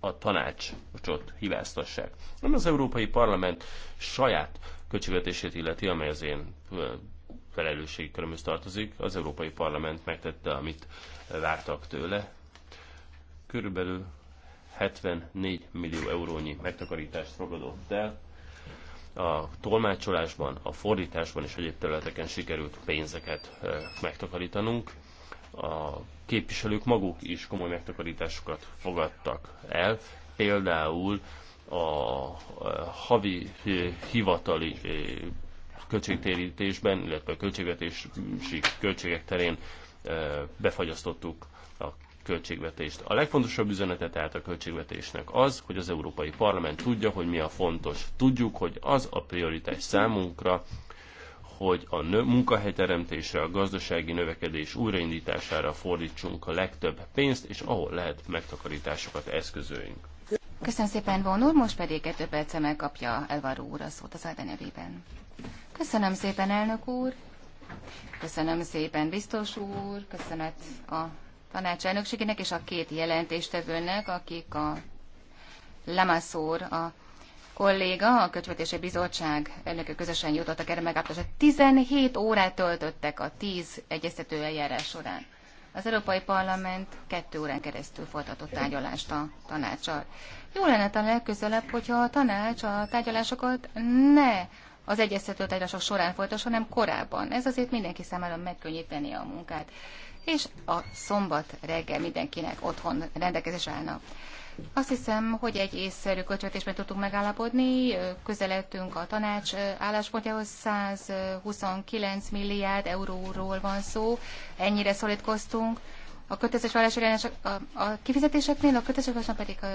a tanácsot hibáztassák. Nem az Európai Parlament saját költségvetését illeti, amely az én felelősségi körömhöz tartozik. Az Európai Parlament megtette, amit vártak tőle. Körülbelül 74 millió eurónyi megtakarítást fogadott el. A tolmácsolásban, a fordításban és egyéb területeken sikerült pénzeket megtakarítanunk. A képviselők maguk is komoly megtakarításokat fogadtak el, például a havi hivatali költségtérítésben, illetve a költségvetési költségek terén befagyasztottuk költségvetést. A legfontosabb üzenete tehát a költségvetésnek az, hogy az Európai Parlament tudja, hogy mi a fontos. Tudjuk, hogy az a prioritás számunkra, hogy a nő, munkahelyteremtésre, a gazdasági növekedés újraindítására fordítsunk a legtöbb pénzt, és ahol lehet megtakarításokat eszközöljünk. Köszönöm szépen, Von úr, most pedig kettő perce megkapja Elvaró úr a szót az Alde nevében. Köszönöm szépen, elnök úr, köszönöm szépen, biztos úr, köszönet a tanácselnökségének és a két jelentéstevőnek, akik a Lamaszór, a kolléga, a Kötvetési Bizottság elnöke közösen jutottak erre megállapodásra. 17 órát töltöttek a 10 egyeztető eljárás során. Az Európai Parlament kettő órán keresztül folytatott tárgyalást a tanácssal. Jó lenne a legközelebb, hogyha a tanács a tárgyalásokat ne az egyeztető tárgyalások során folytassa, hanem korábban. Ez azért mindenki számára megkönnyíteni a munkát és a szombat reggel mindenkinek otthon rendelkezés állna. Azt hiszem, hogy egy észszerű költségvetésben tudtunk megállapodni, közeledtünk a tanács álláspontjához, 129 milliárd euróról van szó, ennyire szolidkoztunk. A kötelezés vállalási a, a kifizetéseknél, a kötelezés pedig a,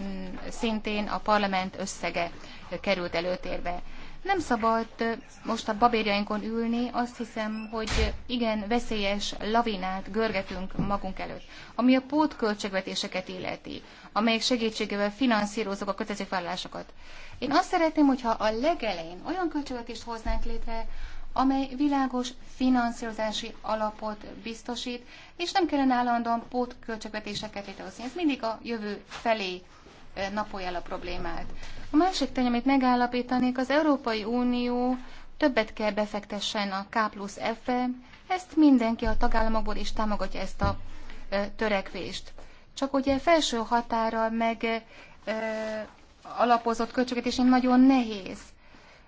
m, szintén a parlament összege került előtérbe. Nem szabad most a babérjainkon ülni, azt hiszem, hogy igen veszélyes lavinát görgetünk magunk előtt, ami a pótköltségvetéseket illeti, amelyek segítségével finanszírozok a kötelezettségvállalásokat. Én azt szeretném, hogyha a legelején olyan költségvetést hoznánk létre, amely világos finanszírozási alapot biztosít, és nem kellene állandóan pótköltségvetéseket létrehozni. Ez mindig a jövő felé napolja el a problémát. A másik tény, amit megállapítanék, az Európai Unió többet kell befektessen a K plusz F-be, ezt mindenki a tagállamokból is támogatja ezt a törekvést. Csak ugye felső határa meg alapozott költségvetésén nagyon nehéz.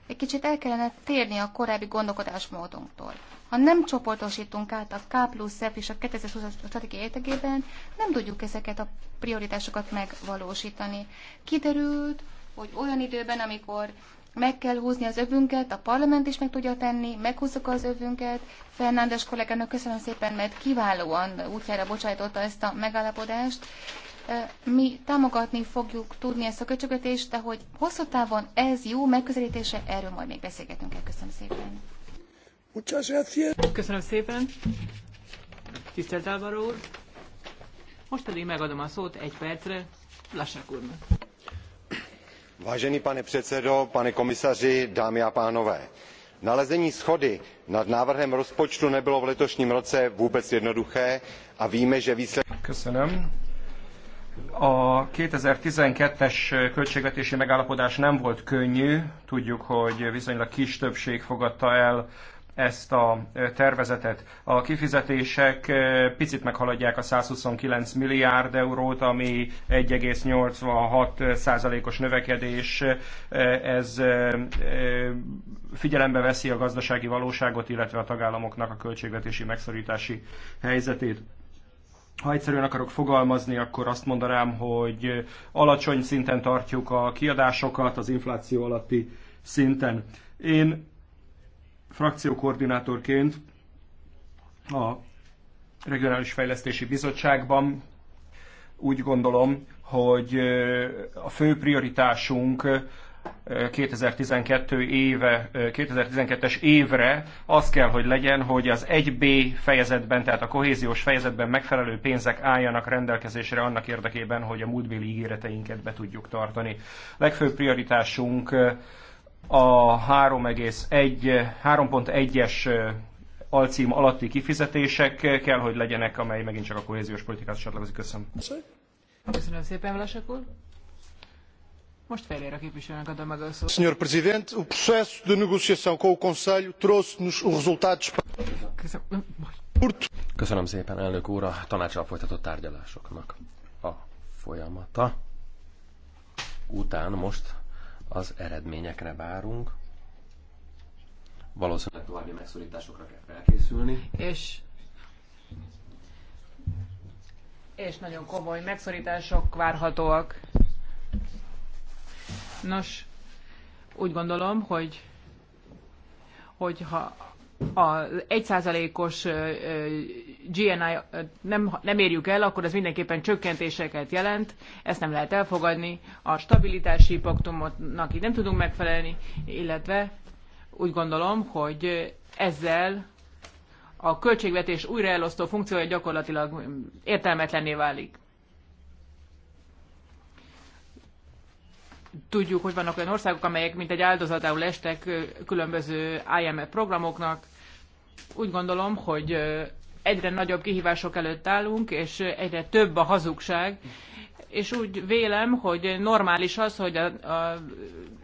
Egy kicsit el kellene térni a korábbi gondolkodásmódunktól ha nem csoportosítunk át a K plusz F és a 2020 stratégiai értegében, nem tudjuk ezeket a prioritásokat megvalósítani. Kiderült, hogy olyan időben, amikor meg kell húzni az övünket, a parlament is meg tudja tenni, meghúzzuk az övünket. Fernándes kollégának köszönöm szépen, mert kiválóan útjára bocsájtotta ezt a megállapodást. Mi támogatni fogjuk tudni ezt a köcsögötést, de hogy hosszú távon ez jó megközelítése, erről majd még beszélgetünk el. Köszönöm szépen. Köszönöm szépen. Tisztelt Álvaro úr. Most pedig megadom a szót egy percre Lasák úrnak. Vážený pane předsedo, pane komisaři, dámy a pánové, nalezení schody nad návrhem rozpočtu nebylo v letošním roce vůbec jednoduché a víme, že výsledek... Köszönöm. A 2012-es költségvetési megállapodás nem volt könnyű. Tudjuk, hogy viszonylag kis többség fogadta el ezt a tervezetet. A kifizetések picit meghaladják a 129 milliárd eurót, ami 1,86 százalékos növekedés. Ez figyelembe veszi a gazdasági valóságot, illetve a tagállamoknak a költségvetési megszorítási helyzetét ha egyszerűen akarok fogalmazni, akkor azt mondanám, hogy alacsony szinten tartjuk a kiadásokat az infláció alatti szinten. Én frakciókoordinátorként a Regionális Fejlesztési Bizottságban úgy gondolom, hogy a fő prioritásunk 2012 éve, 2012-es évre az kell, hogy legyen, hogy az 1B fejezetben, tehát a kohéziós fejezetben megfelelő pénzek álljanak rendelkezésre annak érdekében, hogy a múltbéli ígéreteinket be tudjuk tartani. Legfőbb prioritásunk a 3.1-es alcím alatti kifizetések kell, hogy legyenek, amely megint csak a kohéziós politikát csatlakozik. Köszönöm. Köszönöm szépen, Vlasek úr. Most a képviselőnek adom meg a szót. Senhor Presidente, o processo de negociação com o Conselho trouxe-nos os resultados... Köszönöm szépen, elnök úr, a tanácsal folytatott tárgyalásoknak a folyamata. Után most az eredményekre várunk. Valószínűleg további megszorításokra kell felkészülni. És és nagyon komoly megszorítások várhatóak. Nos, úgy gondolom, hogy hogyha az 1%-os GNI nem, nem érjük el, akkor ez mindenképpen csökkentéseket jelent, ezt nem lehet elfogadni, a stabilitási paktumotnak így nem tudunk megfelelni, illetve úgy gondolom, hogy ezzel a költségvetés újraelosztó funkciója gyakorlatilag értelmetlenné válik. Tudjuk, hogy vannak olyan országok, amelyek mint egy áldozatául estek különböző IMF programoknak. Úgy gondolom, hogy egyre nagyobb kihívások előtt állunk, és egyre több a hazugság, és úgy vélem, hogy normális az, hogy a, a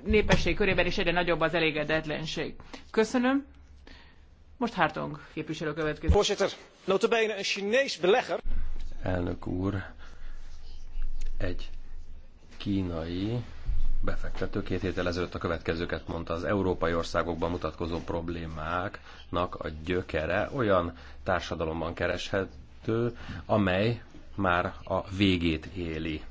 népesség körében is egyre nagyobb az elégedetlenség. Köszönöm. Most Hartong képviselő következik. Voorzitter, notabene een Chinees belegger. Elnök úr, egy kínai befektető két héttel ezelőtt a következőket mondta, az európai országokban mutatkozó problémáknak a gyökere olyan társadalomban kereshető, amely már a végét éli.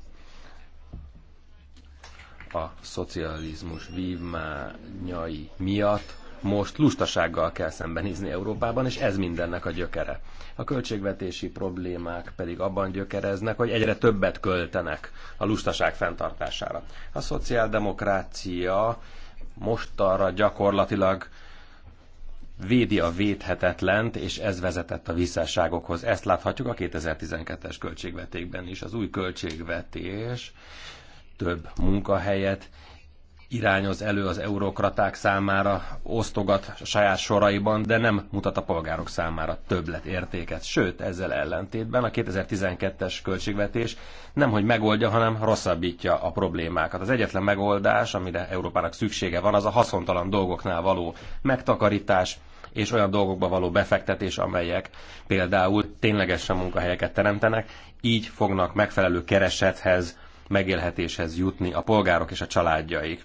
A szocializmus vívmányai miatt most lustasággal kell szembenézni Európában, és ez mindennek a gyökere. A költségvetési problémák pedig abban gyökereznek, hogy egyre többet költenek a lustaság fenntartására. A szociáldemokrácia arra gyakorlatilag védi a védhetetlent, és ez vezetett a visszásságokhoz. Ezt láthatjuk a 2012-es költségvetékben is. Az új költségvetés több munkahelyet irányoz elő az eurokraták számára, osztogat a saját soraiban, de nem mutat a polgárok számára többlet értéket. Sőt, ezzel ellentétben a 2012-es költségvetés nem hogy megoldja, hanem rosszabbítja a problémákat. Az egyetlen megoldás, amire Európának szüksége van, az a haszontalan dolgoknál való megtakarítás, és olyan dolgokba való befektetés, amelyek például ténylegesen munkahelyeket teremtenek, így fognak megfelelő keresethez, megélhetéshez jutni a polgárok és a családjaik.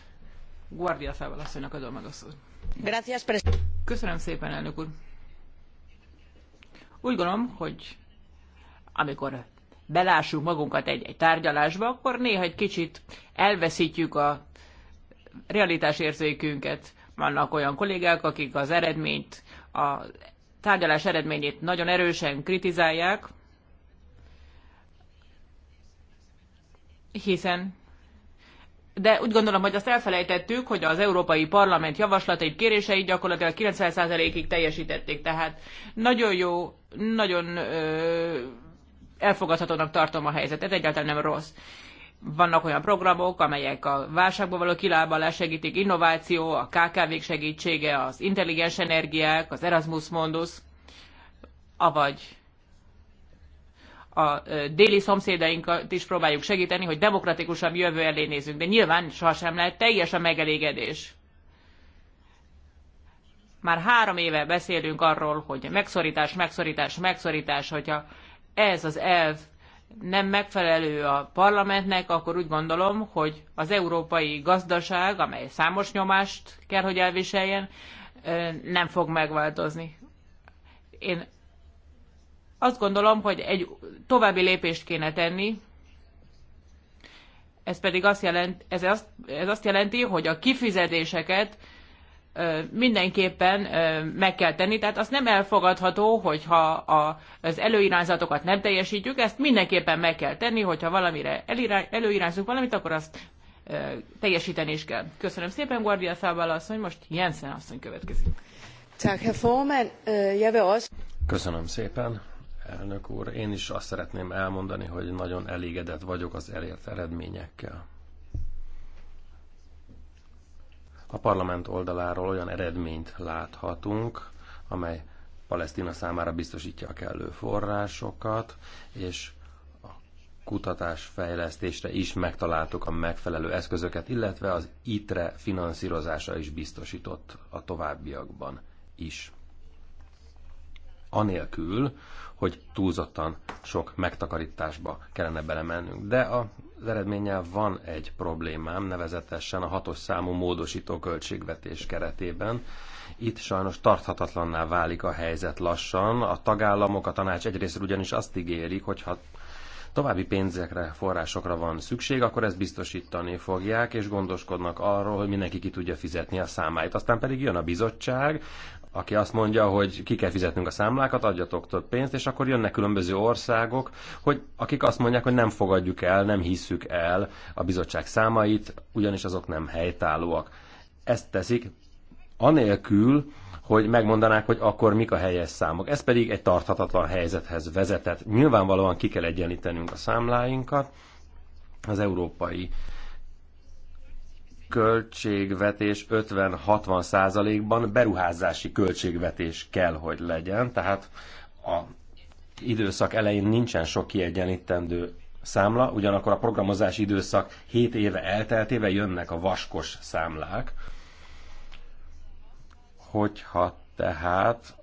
Guardia Fával adom meg a szót. Köszönöm szépen, elnök úr. Úgy gondolom, hogy amikor belássuk magunkat egy, egy tárgyalásba, akkor néha egy kicsit elveszítjük a realitásérzékünket. Vannak olyan kollégák, akik az eredményt, a tárgyalás eredményét nagyon erősen kritizálják, hiszen de úgy gondolom, hogy azt elfelejtettük, hogy az Európai Parlament javaslatait, kéréseit gyakorlatilag 90%-ig teljesítették. Tehát nagyon jó, nagyon ö, elfogadhatónak tartom a helyzetet, egyáltalán nem rossz. Vannak olyan programok, amelyek a válságból való kilábalás segítik, innováció, a KKV-k segítsége, az intelligens energiák, az Erasmus mondus, avagy a déli szomszédainkat is próbáljuk segíteni, hogy demokratikusabb jövő elé nézünk, de nyilván sohasem lehet teljes a megelégedés. Már három éve beszélünk arról, hogy megszorítás, megszorítás, megszorítás, hogyha ez az elv nem megfelelő a parlamentnek, akkor úgy gondolom, hogy az európai gazdaság, amely számos nyomást kell, hogy elviseljen, nem fog megváltozni. Én azt gondolom, hogy egy további lépést kéne tenni, ez pedig azt, jelent, ez azt, ez azt jelenti, hogy a kifizetéseket mindenképpen meg kell tenni. Tehát az nem elfogadható, hogyha a, az előirányzatokat nem teljesítjük, ezt mindenképpen meg kell tenni, hogyha valamire előirányzunk valamit, akkor azt teljesíteni is kell. Köszönöm szépen, Guardia Szábal asszony, most Jensen asszony következik. Köszönöm szépen elnök úr. Én is azt szeretném elmondani, hogy nagyon elégedett vagyok az elért eredményekkel. A parlament oldaláról olyan eredményt láthatunk, amely Palesztina számára biztosítja a kellő forrásokat, és a kutatás fejlesztésre is megtaláltuk a megfelelő eszközöket, illetve az ITRE finanszírozása is biztosított a továbbiakban is anélkül, hogy túlzottan sok megtakarításba kellene belemennünk. De az eredménnyel van egy problémám, nevezetesen a hatos számú módosító költségvetés keretében. Itt sajnos tarthatatlanná válik a helyzet lassan. A tagállamok, a tanács egyrészt ugyanis azt ígérik, hogy ha további pénzekre, forrásokra van szükség, akkor ezt biztosítani fogják, és gondoskodnak arról, hogy mindenki ki tudja fizetni a számáit. Aztán pedig jön a bizottság, aki azt mondja, hogy ki kell fizetnünk a számlákat, adjatok több pénzt, és akkor jönnek különböző országok, hogy akik azt mondják, hogy nem fogadjuk el, nem hisszük el a bizottság számait, ugyanis azok nem helytállóak. Ezt teszik anélkül, hogy megmondanák, hogy akkor mik a helyes számok. Ez pedig egy tarthatatlan helyzethez vezetett. Nyilvánvalóan ki kell egyenlítenünk a számláinkat, az európai költségvetés 50-60 százalékban beruházási költségvetés kell, hogy legyen, tehát a időszak elején nincsen sok kiegyenlítendő számla, ugyanakkor a programozási időszak 7 éve elteltével jönnek a vaskos számlák, hogyha tehát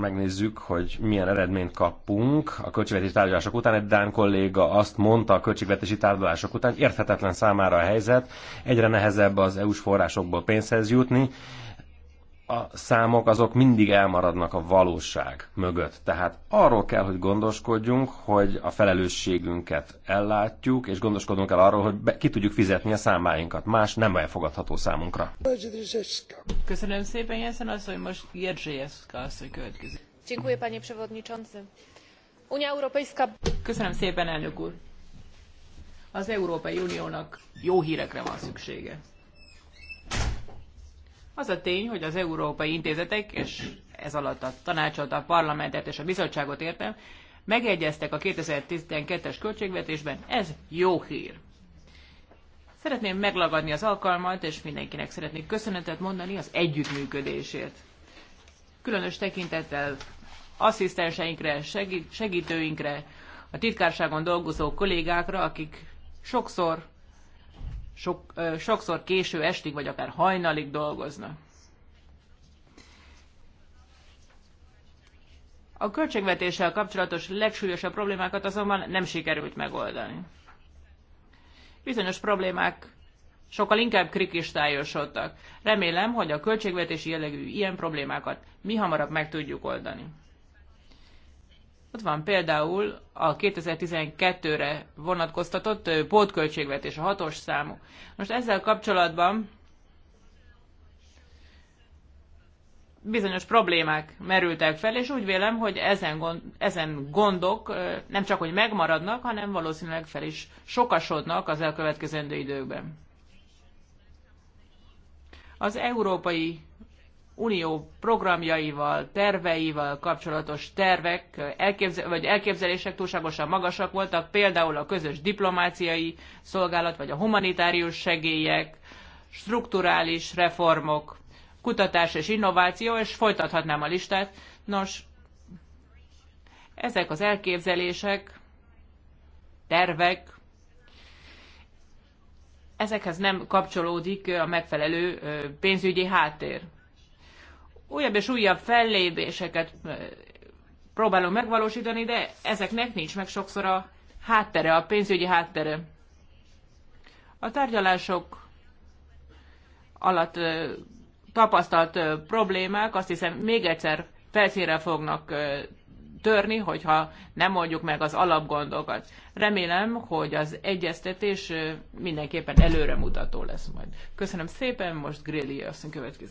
megnézzük, hogy milyen eredményt kapunk a költségvetési tárgyalások után. Egy Dán kolléga azt mondta a költségvetési tárgyalások után, érthetetlen számára a helyzet, egyre nehezebb az EU-s forrásokból pénzhez jutni, a számok azok mindig elmaradnak a valóság mögött. Tehát arról kell, hogy gondoskodjunk, hogy a felelősségünket ellátjuk, és gondoskodunk kell arról, hogy be, ki tudjuk fizetni a számáinkat Más nem elfogadható számunkra. Köszönöm szépen, Jensen, az, hogy most Jerzséjeszka hogy következik. Dziękuję, panie przewodniczący. Unia Europejska... Köszönöm szépen, elnök úr. Az Európai Uniónak jó hírekre van szüksége. Az a tény, hogy az európai intézetek, és ez alatt a tanácsot, a parlamentet és a bizottságot értem, megegyeztek a 2012-es költségvetésben, ez jó hír. Szeretném meglagadni az alkalmat, és mindenkinek szeretnék köszönetet mondani az együttműködésért. Különös tekintettel asszisztenseinkre, segítőinkre, a titkárságon dolgozó kollégákra, akik sokszor sok, sokszor késő estig, vagy akár hajnalig dolgoznak. A költségvetéssel kapcsolatos legsúlyosabb problémákat azonban nem sikerült megoldani. Bizonyos problémák sokkal inkább krikistályosodtak. Remélem, hogy a költségvetési jellegű ilyen problémákat mi hamarabb meg tudjuk oldani. Ott van például a 2012-re vonatkoztatott pótköltségvetés, a hatos számú. Most ezzel kapcsolatban bizonyos problémák merültek fel, és úgy vélem, hogy ezen, gond, ezen gondok nem csak hogy megmaradnak, hanem valószínűleg fel is sokasodnak az elkövetkezendő időkben. Az európai Unió programjaival, terveivel kapcsolatos tervek elképzel- vagy elképzelések túlságosan magasak voltak, például a közös diplomáciai szolgálat, vagy a humanitárius segélyek, strukturális reformok, kutatás és innováció, és folytathatnám a listát. Nos, ezek az elképzelések, tervek, ezekhez nem kapcsolódik a megfelelő pénzügyi háttér újabb és újabb fellépéseket próbálunk megvalósítani, de ezeknek nincs meg sokszor a háttere, a pénzügyi háttere. A tárgyalások alatt tapasztalt problémák azt hiszem még egyszer felszínre fognak törni, hogyha nem mondjuk meg az alapgondokat. Remélem, hogy az egyeztetés mindenképpen előremutató lesz majd. Köszönöm szépen, most Grilli asszony következik.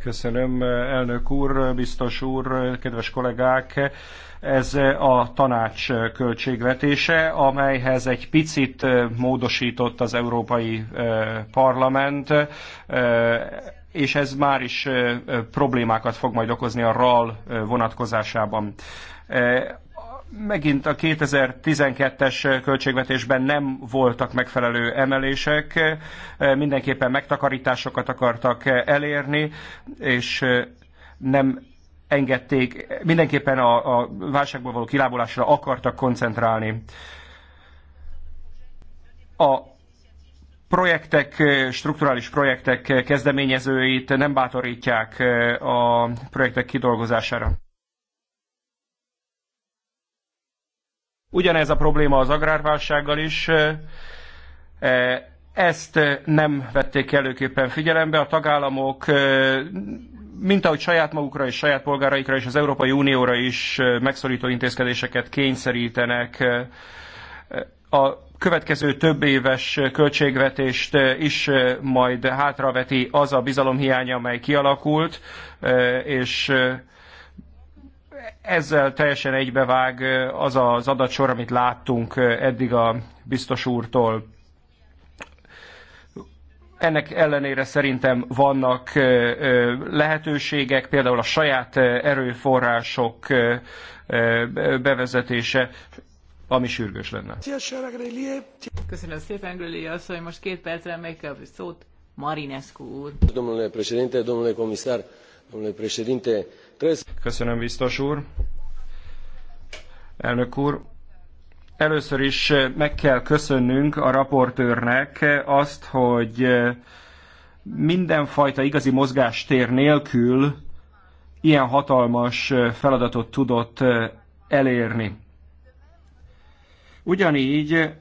Köszönöm, elnök úr, biztos úr, kedves kollégák! Ez a tanács költségvetése, amelyhez egy picit módosított az Európai Parlament és ez már is problémákat fog majd okozni a RAL vonatkozásában megint a 2012-es költségvetésben nem voltak megfelelő emelések, mindenképpen megtakarításokat akartak elérni, és nem engedték, mindenképpen a, a válságból való kilábolásra akartak koncentrálni. A projektek, strukturális projektek kezdeményezőit nem bátorítják a projektek kidolgozására. Ugyanez a probléma az agrárválsággal is. Ezt nem vették előképpen figyelembe. A tagállamok, mint ahogy saját magukra és saját polgáraikra és az Európai Unióra is megszorító intézkedéseket kényszerítenek. A következő több éves költségvetést is majd hátraveti az a bizalomhiánya, amely kialakult, és ezzel teljesen egybevág az az adatsor, amit láttunk eddig a biztos úrtól. Ennek ellenére szerintem vannak lehetőségek, például a saját erőforrások bevezetése, ami sürgős lenne. Köszönöm szépen, Gröli asszony, most két percre megkap szót Marinescu úr. Domnule președinte, domnule comisar, Köszönöm, biztos úr. Elnök úr, először is eh, meg kell köszönnünk a raportőrnek azt, hogy eh, mindenfajta igazi mozgástér nélkül ilyen hatalmas eh, feladatot tudott elérni. Ugyanígy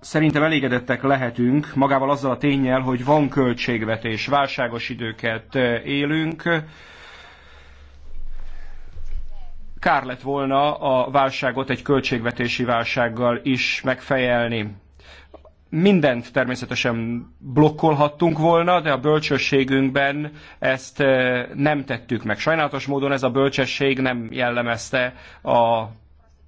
szerintem elégedettek lehetünk magával azzal a tényel, hogy van költségvetés, válságos időket eh, élünk. Kár lett volna a válságot egy költségvetési válsággal is megfejelni. Mindent természetesen blokkolhattunk volna, de a bölcsességünkben ezt eh, nem tettük meg. Sajnálatos módon ez a bölcsesség nem jellemezte a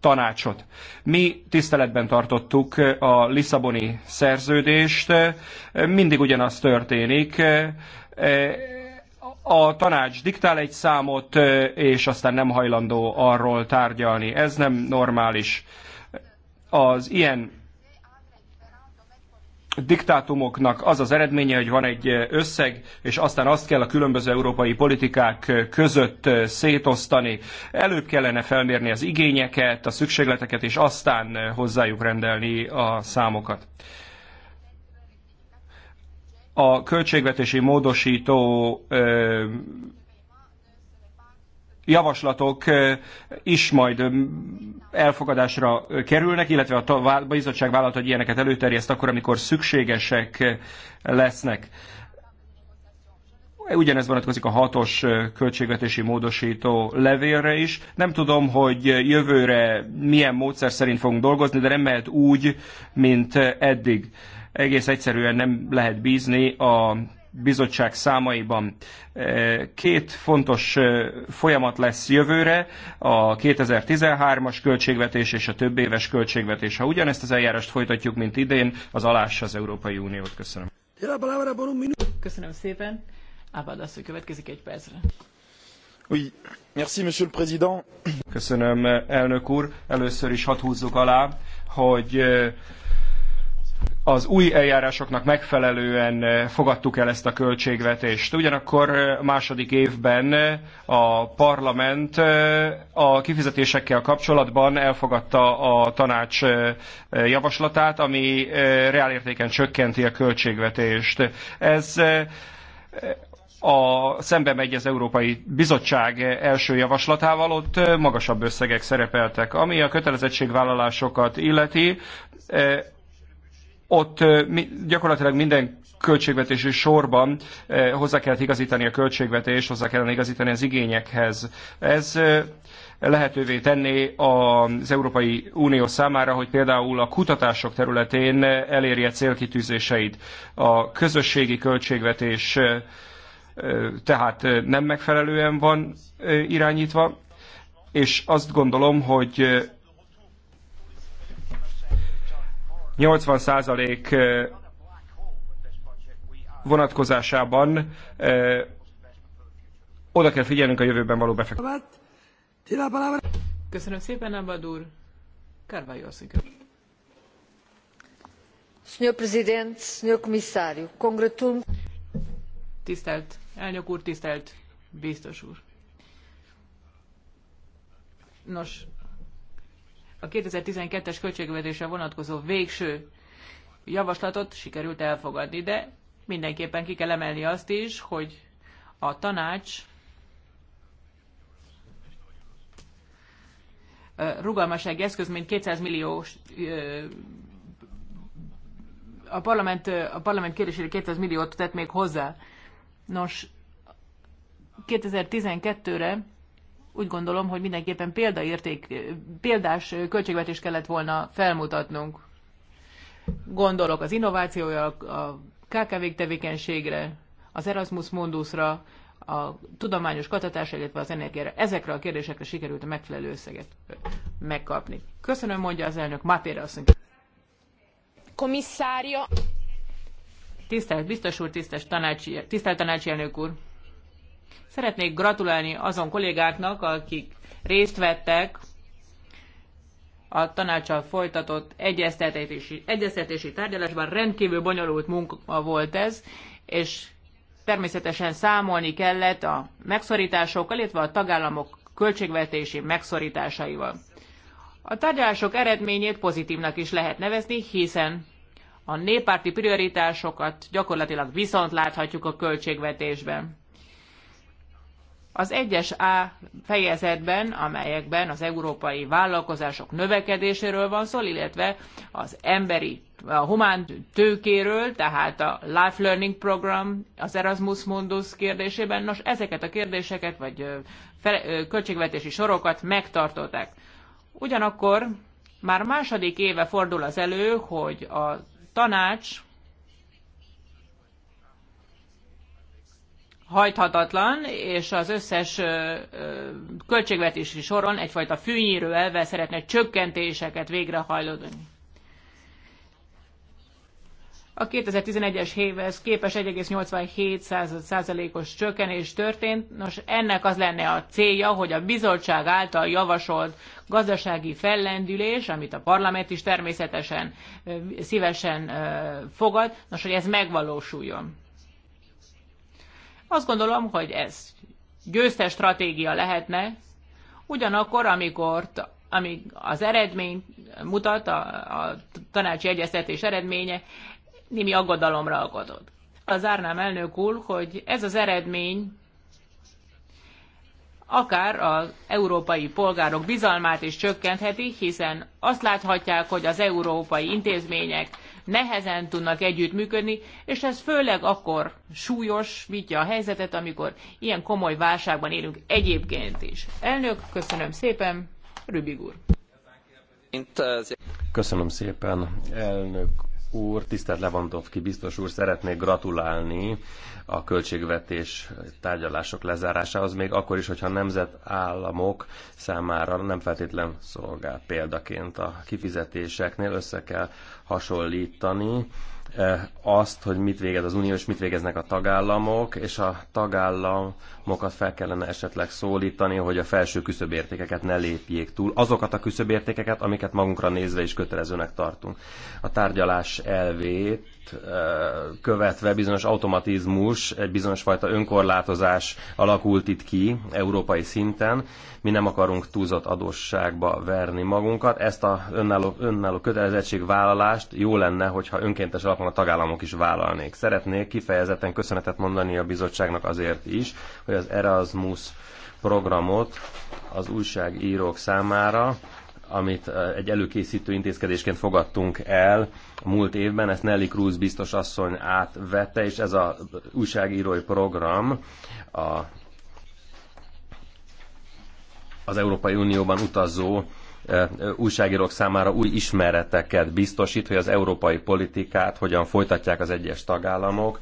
tanácsot. Mi tiszteletben tartottuk eh, a Lisszaboni szerződést, eh, mindig ugyanaz történik, eh, a tanács diktál egy számot, és aztán nem hajlandó arról tárgyalni. Ez nem normális. Az ilyen diktátumoknak az az eredménye, hogy van egy összeg, és aztán azt kell a különböző európai politikák között szétosztani. Előbb kellene felmérni az igényeket, a szükségleteket, és aztán hozzájuk rendelni a számokat. A költségvetési módosító javaslatok is majd elfogadásra kerülnek, illetve a bizottság vállalta, hogy ilyeneket előterjeszt akkor, amikor szükségesek lesznek. Ugyanez vonatkozik a hatos költségvetési módosító levélre is. Nem tudom, hogy jövőre milyen módszer szerint fogunk dolgozni, de nem mehet úgy, mint eddig. Egész egyszerűen nem lehet bízni a bizottság számaiban. E, két fontos e, folyamat lesz jövőre, a 2013-as költségvetés és a több éves költségvetés. Ha ugyanezt az eljárást folytatjuk, mint idén, az alás az Európai Uniót. Köszönöm. Köszönöm szépen. azt, hogy következik egy percre. Oui. Merci, monsieur le président. Köszönöm, elnök úr. Először is hadd húzzuk alá, hogy e, az új eljárásoknak megfelelően eh, fogadtuk el ezt a költségvetést. Ugyanakkor eh, második évben eh, a parlament a kifizetésekkel kapcsolatban elfogadta a tanács javaslatát, ami reálértéken csökkenti a költségvetést. Ez a szembe megy az Európai Bizottság első javaslatával, ott magasabb összegek szerepeltek. Ami a kötelezettségvállalásokat illeti, ott gyakorlatilag minden költségvetési sorban hozzá kell igazítani a költségvetést, hozzá kellene igazítani az igényekhez. Ez lehetővé tenni az Európai Unió számára, hogy például a kutatások területén elérje célkitűzéseit. A közösségi költségvetés tehát nem megfelelően van irányítva, és azt gondolom, hogy 80% vonatkozásában oda kell figyelnünk a jövőben való befektetésre. Köszönöm szépen, Abad úr. Carvalho Sr. Presidente, Sr. Comissário, congratulmo. Tisztelt elnök úr, tisztelt biztos úr. Nos, a 2012-es költségvetésre vonatkozó végső javaslatot sikerült elfogadni, de mindenképpen ki kell emelni azt is, hogy a tanács rugalmaság eszköz, mint 200 millió a parlament, a parlament kérdésére 200 milliót tett még hozzá. Nos, 2012-re úgy gondolom, hogy mindenképpen példaérték, példás költségvetés kellett volna felmutatnunk. Gondolok az innovációja, a KKV tevékenységre, az Erasmus Mundusra, a tudományos katatásra, illetve az energiára. Ezekre a kérdésekre sikerült a megfelelő összeget megkapni. Köszönöm, mondja az elnök Mátéra asszony. Tisztelt biztos úr, tisztelt tanácsi, tisztelt tanácsi elnök úr. Szeretnék gratulálni azon kollégáknak, akik részt vettek a tanácsal folytatott egyeztetési, egyeztetési tárgyalásban. Rendkívül bonyolult munka volt ez, és természetesen számolni kellett a megszorításokkal, illetve a tagállamok költségvetési megszorításaival. A tárgyalások eredményét pozitívnak is lehet nevezni, hiszen a néppárti prioritásokat gyakorlatilag viszont láthatjuk a költségvetésben. Az egyes A fejezetben, amelyekben az európai vállalkozások növekedéséről van szó, illetve az emberi, a humán tőkéről, tehát a Life Learning Program, az Erasmus Mundus kérdésében, nos, ezeket a kérdéseket, vagy költségvetési sorokat megtartották. Ugyanakkor már második éve fordul az elő, hogy a tanács hajthatatlan, és az összes költségvetési soron egyfajta fűnyírő elvvel szeretne csökkentéseket végrehajlódni. A 2011-es évhez képes 1,87%-os csökkenés történt. Nos, ennek az lenne a célja, hogy a bizottság által javasolt gazdasági fellendülés, amit a parlament is természetesen szívesen fogad, nos, hogy ez megvalósuljon. Azt gondolom, hogy ez győztes stratégia lehetne, ugyanakkor, amikor amíg az eredmény mutat, a, a tanácsi egyeztetés eredménye, némi aggodalomra aggodott. Az zárnám elnök úr, hogy ez az eredmény akár az európai polgárok bizalmát is csökkentheti, hiszen azt láthatják, hogy az európai intézmények nehezen tudnak együttműködni, és ez főleg akkor súlyos, vitja a helyzetet, amikor ilyen komoly válságban élünk egyébként is. Elnök, köszönöm szépen, Rübig úr. Köszönöm szépen, elnök úr, tisztelt Lewandowski biztos úr, szeretnék gratulálni a költségvetés tárgyalások lezárásához, még akkor is, hogyha nemzetállamok számára nem feltétlen szolgál példaként a kifizetéseknél, össze kell hasonlítani eh, azt, hogy mit végez az unió és mit végeznek a tagállamok, és a tagállamokat fel kellene esetleg szólítani, hogy a felső küszöbértékeket ne lépjék túl. Azokat a küszöbértékeket, amiket magunkra nézve is kötelezőnek tartunk. A tárgyalás elvét eh, követve bizonyos automatizmus konfliktus, egy bizonyos fajta önkorlátozás alakult itt ki európai szinten. Mi nem akarunk túlzott adósságba verni magunkat. Ezt a önálló, önálló kötelezettségvállalást jó lenne, hogyha önkéntes alapon a tagállamok is vállalnék. Szeretnék kifejezetten köszönetet mondani a bizottságnak azért is, hogy az Erasmus programot az újságírók számára amit egy előkészítő intézkedésként fogadtunk el múlt évben, ezt Nelly Cruz biztos asszony átvette, és ez a újságírói program a, az Európai Unióban utazó újságírók számára új ismereteket biztosít, hogy az európai politikát hogyan folytatják az egyes tagállamok,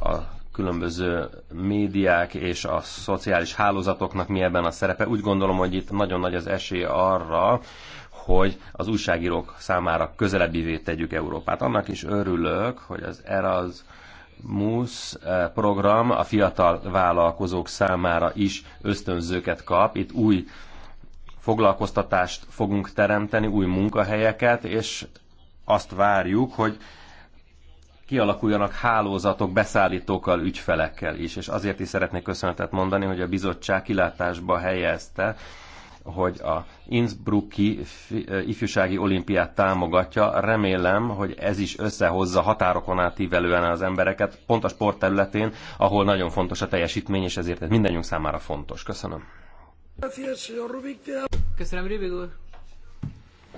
a különböző médiák és a szociális hálózatoknak mi ebben a szerepe. Úgy gondolom, hogy itt nagyon nagy az esély arra, hogy az újságírók számára közelebbivé tegyük Európát. Annak is örülök, hogy az Erasmus eh, program a fiatal vállalkozók számára is ösztönzőket kap. Itt új foglalkoztatást fogunk teremteni, új munkahelyeket, és azt várjuk, hogy kialakuljanak hálózatok beszállítókkal, ügyfelekkel is. És azért is szeretnék köszönetet mondani, hogy a bizottság kilátásba helyezte, hogy a Innsbrucki ifjúsági olimpiát támogatja. Remélem, hogy ez is összehozza határokon átívelően az embereket, pont a sport területén, ahol nagyon fontos a teljesítmény, és ezért ez mindenünk számára fontos. Köszönöm. Köszönöm, Rubik úr.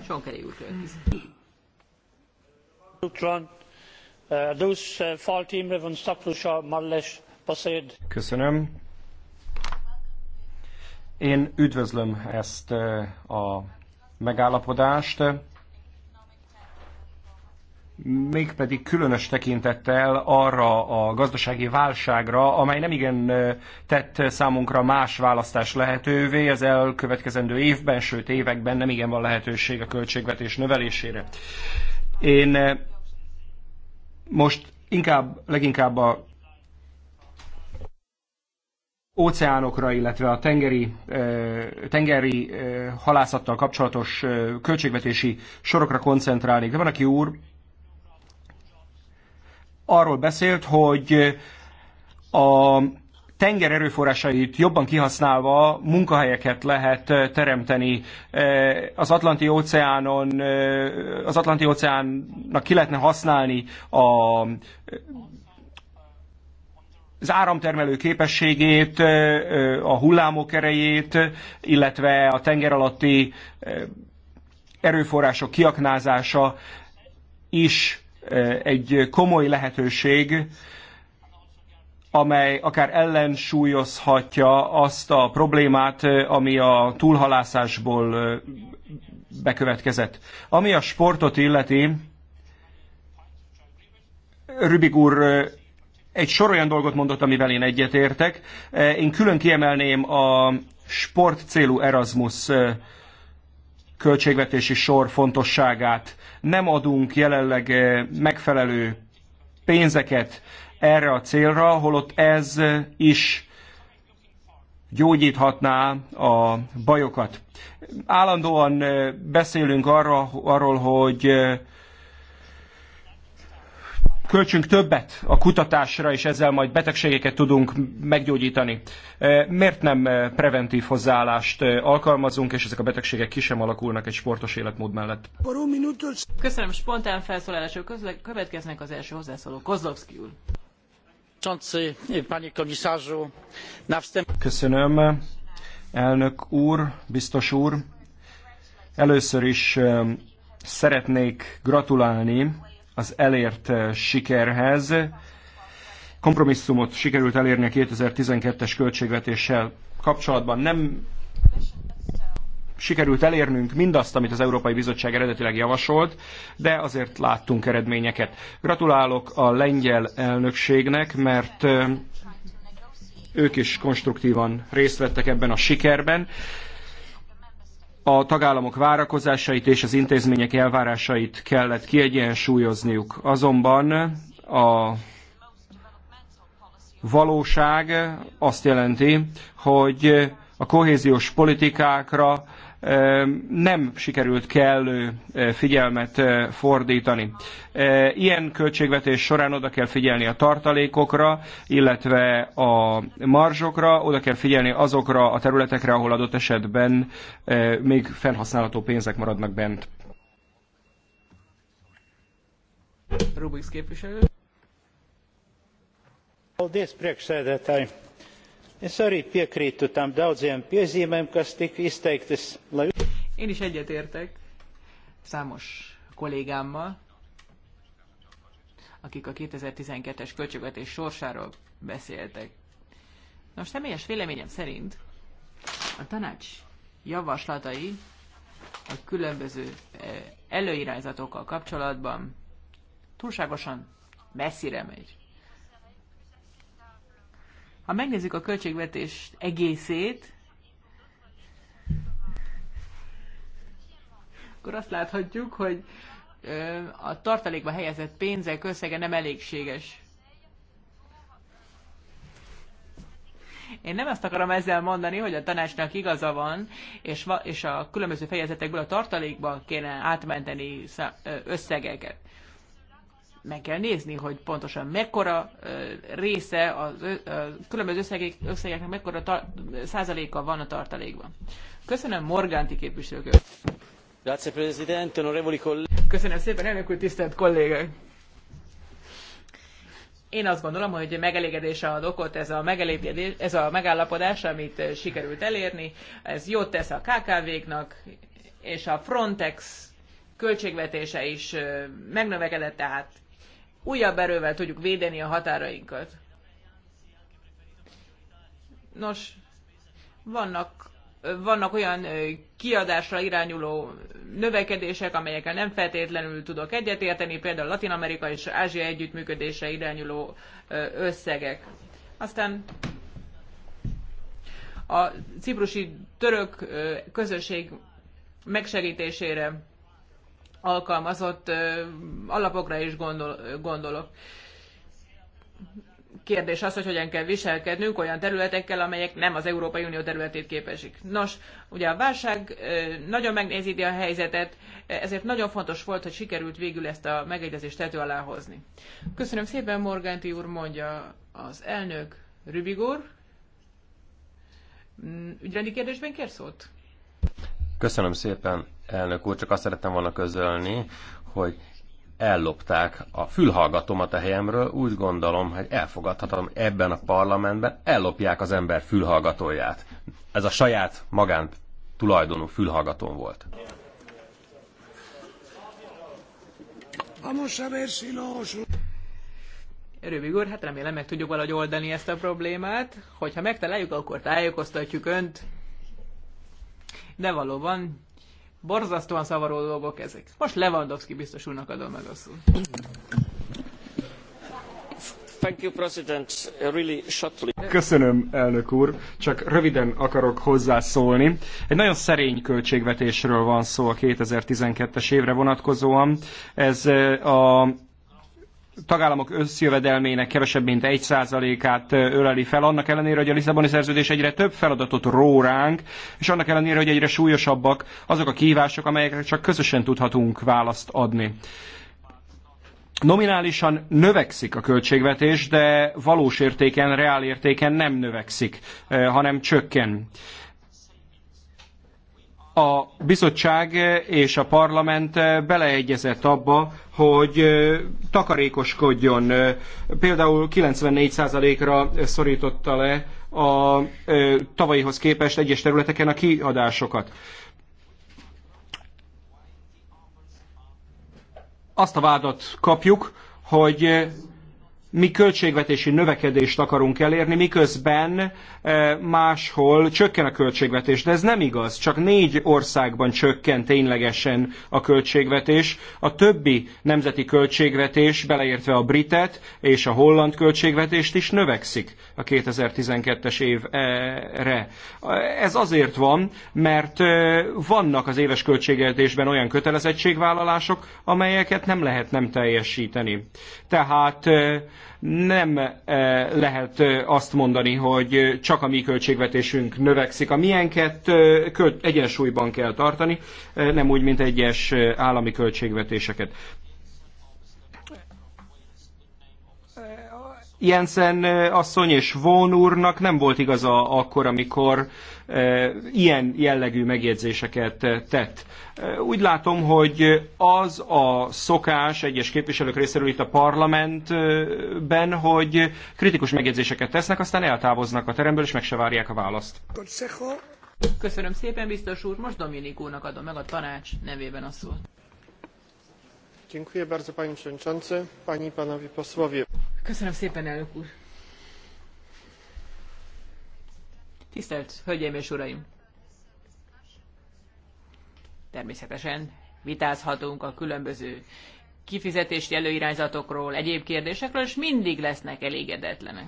Sonkeri úr következik. Uh, uh, Köszönöm. Én üdvözlöm ezt uh, a megállapodást, mégpedig különös tekintettel arra a gazdasági válságra, amely nem igen tett számunkra más választás lehetővé, az elkövetkezendő évben, sőt években nem igen van lehetőség a költségvetés növelésére. Én most inkább, leginkább a óceánokra, illetve a tengeri, tengeri halászattal kapcsolatos költségvetési sorokra koncentrálnék. De van, aki úr arról beszélt, hogy a tenger erőforrásait jobban kihasználva munkahelyeket lehet teremteni. Az Atlanti óceánon, az Atlanti óceánnak ki lehetne használni a az áramtermelő képességét, a hullámok erejét, illetve a tenger alatti erőforrások kiaknázása is egy komoly lehetőség amely akár ellensúlyozhatja azt a problémát, ami a túlhalászásból bekövetkezett. Ami a sportot illeti, Rübig úr egy sor olyan dolgot mondott, amivel én egyetértek. Én külön kiemelném a sport célú Erasmus költségvetési sor fontosságát. Nem adunk jelenleg megfelelő pénzeket erre a célra, holott ez is gyógyíthatná a bajokat. Állandóan beszélünk arra, arról, hogy költsünk többet a kutatásra, és ezzel majd betegségeket tudunk meggyógyítani. Miért nem preventív hozzáállást alkalmazunk, és ezek a betegségek ki sem alakulnak egy sportos életmód mellett? Köszönöm, spontán felszólalások következnek az első hozzászóló Kozlovszki úr köszönöm, elnök úr biztos úr először is szeretnék gratulálni az elért sikerhez. Kompromisszumot sikerült elérni a 2012-es költségvetéssel kapcsolatban. Nem sikerült elérnünk mindazt, amit az Európai Bizottság eredetileg javasolt, de azért láttunk eredményeket. Gratulálok a lengyel elnökségnek, mert ők is konstruktívan részt vettek ebben a sikerben. A tagállamok várakozásait és az intézmények elvárásait kellett kiegyensúlyozniuk. Azonban a valóság azt jelenti, hogy a kohéziós politikákra nem sikerült kellő figyelmet fordítani. Ilyen költségvetés során oda kell figyelni a tartalékokra, illetve a marzsokra, oda kell figyelni azokra a területekre, ahol adott esetben még felhasználható pénzek maradnak bent. Rubiks képviselő. Paldies, priekšsēdētāji. Én arī piekrītu tam daudziem piezīmēm, kas tika izteiktas. Én is egyetértek számos kollégámmal, akik a 2012-es költségvetés sorsáról beszéltek. Nos, személyes véleményem szerint a tanács javaslatai a különböző e, előirányzatokkal kapcsolatban túlságosan messzire megy. Ha megnézzük a költségvetés egészét, akkor azt láthatjuk, hogy a tartalékba helyezett pénzek összege nem elégséges. Én nem azt akarom ezzel mondani, hogy a tanácsnak igaza van, és, va- és a különböző fejezetekből a tartalékba kéne átmenteni összegeket meg kell nézni, hogy pontosan mekkora része, a különböző összegek, összegeknek mekkora százaléka van a tartalékban. Köszönöm Morganti képviselőköt. Grazie Presidente, onorevoli colleghi. Köszönöm szépen, elnök úr, tisztelt kollégák! Én azt gondolom, hogy megelégedése ad okot ez a, megelégedés, ez a megállapodás, amit sikerült elérni. Ez jót tesz a KKV-knak, és a Frontex költségvetése is megnövekedett, tehát újabb erővel tudjuk védeni a határainkat. Nos, vannak, vannak olyan kiadásra irányuló növekedések, amelyekkel nem feltétlenül tudok egyetérteni, például Latin Amerika és Ázsia együttműködése irányuló összegek. Aztán a ciprusi török közösség megsegítésére alkalmazott alapokra is gondol, gondolok. Kérdés az, hogy hogyan kell viselkednünk olyan területekkel, amelyek nem az Európai Unió területét képesik. Nos, ugye a válság nagyon megnézíti a helyzetet, ezért nagyon fontos volt, hogy sikerült végül ezt a megegyezést tető alá hozni. Köszönöm szépen, Morganti úr, mondja az elnök úr. Ügyrendi kérdésben kér szót? Köszönöm szépen, elnök úr, csak azt szerettem volna közölni, hogy ellopták a fülhallgatómat a helyemről, úgy gondolom, hogy elfogadhatom ebben a parlamentben, ellopják az ember fülhallgatóját. Ez a saját magán tulajdonú fülhallgatón volt. Rövid úr, hát remélem meg tudjuk valahogy oldani ezt a problémát. Hogyha megtaláljuk, akkor tájékoztatjuk önt, de valóban borzasztóan szavaró dolgok ezek. Most Lewandowski biztos úrnak adom meg a szót. Köszönöm, elnök úr. Csak röviden akarok hozzászólni. Egy nagyon szerény költségvetésről van szó a 2012-es évre vonatkozóan. Ez eh, a tagállamok összjövedelmének kevesebb mint 1%-át öleli fel, annak ellenére, hogy a Lisszaboni szerződés egyre több feladatot ró ránk, és annak ellenére, hogy egyre súlyosabbak azok a kihívások, amelyekre csak közösen tudhatunk választ adni. Nominálisan növekszik a költségvetés, de valós értéken, reál értéken nem növekszik, hanem csökken a bizottság és a parlament beleegyezett abba, hogy takarékoskodjon. Például 94%-ra szorította le a tavalyihoz képest egyes területeken a kiadásokat. Azt a vádat kapjuk, hogy mi költségvetési növekedést akarunk elérni, miközben e, máshol csökken a költségvetés. De ez nem igaz, csak négy országban csökken ténylegesen a költségvetés. A többi nemzeti költségvetés, beleértve a britet és a holland költségvetést is növekszik a 2012-es évre. Ez azért van, mert e, vannak az éves költségvetésben olyan kötelezettségvállalások, amelyeket nem lehet nem teljesíteni. Tehát e, nem eh, lehet eh, azt mondani, hogy eh, csak a mi költségvetésünk növekszik. A milyenket egyensúlyban kell tartani, nem úgy, mint egyes állami költségvetéseket. Jensen asszony és Von úrnak nem volt igaza akkor, amikor ilyen jellegű megjegyzéseket tett. Úgy látom, hogy az a szokás egyes képviselők részéről itt a parlamentben, hogy kritikus megjegyzéseket tesznek, aztán eltávoznak a teremből, és meg se várják a választ. Köszönöm szépen, biztos úr. Most Dominikónak adom meg a tanács nevében a szót. Dziękuję bardzo, panie przewodniczący, panie i panowie posłowie. Köszönöm szépen, elnök úr. Tisztelt Hölgyeim és Uraim! Természetesen vitázhatunk a különböző kifizetési előirányzatokról, egyéb kérdésekről, és mindig lesznek elégedetlenek.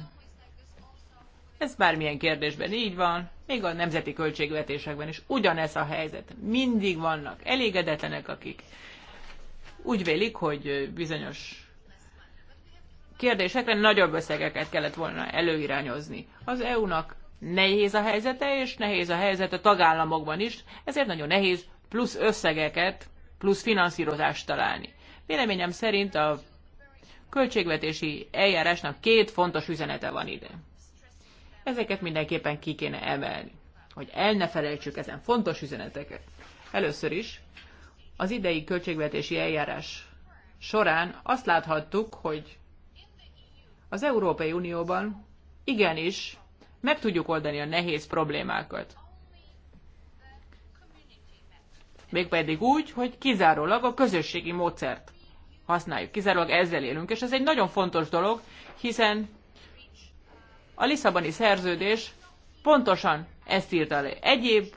Ez bármilyen kérdésben így van, még a nemzeti költségvetésekben is ugyanez a helyzet. Mindig vannak elégedetlenek, akik úgy vélik, hogy bizonyos kérdésekre nagyobb összegeket kellett volna előirányozni. Az EU-nak nehéz a helyzete, és nehéz a helyzet a tagállamokban is, ezért nagyon nehéz plusz összegeket, plusz finanszírozást találni. Véleményem szerint a költségvetési eljárásnak két fontos üzenete van ide. Ezeket mindenképpen ki kéne emelni, hogy el ne felejtsük ezen fontos üzeneteket. Először is az idei költségvetési eljárás során azt láthattuk, hogy az Európai Unióban igenis meg tudjuk oldani a nehéz problémákat. Mégpedig úgy, hogy kizárólag a közösségi módszert használjuk. Kizárólag ezzel élünk, és ez egy nagyon fontos dolog, hiszen a Lisszaboni szerződés pontosan ezt írta le. Egyéb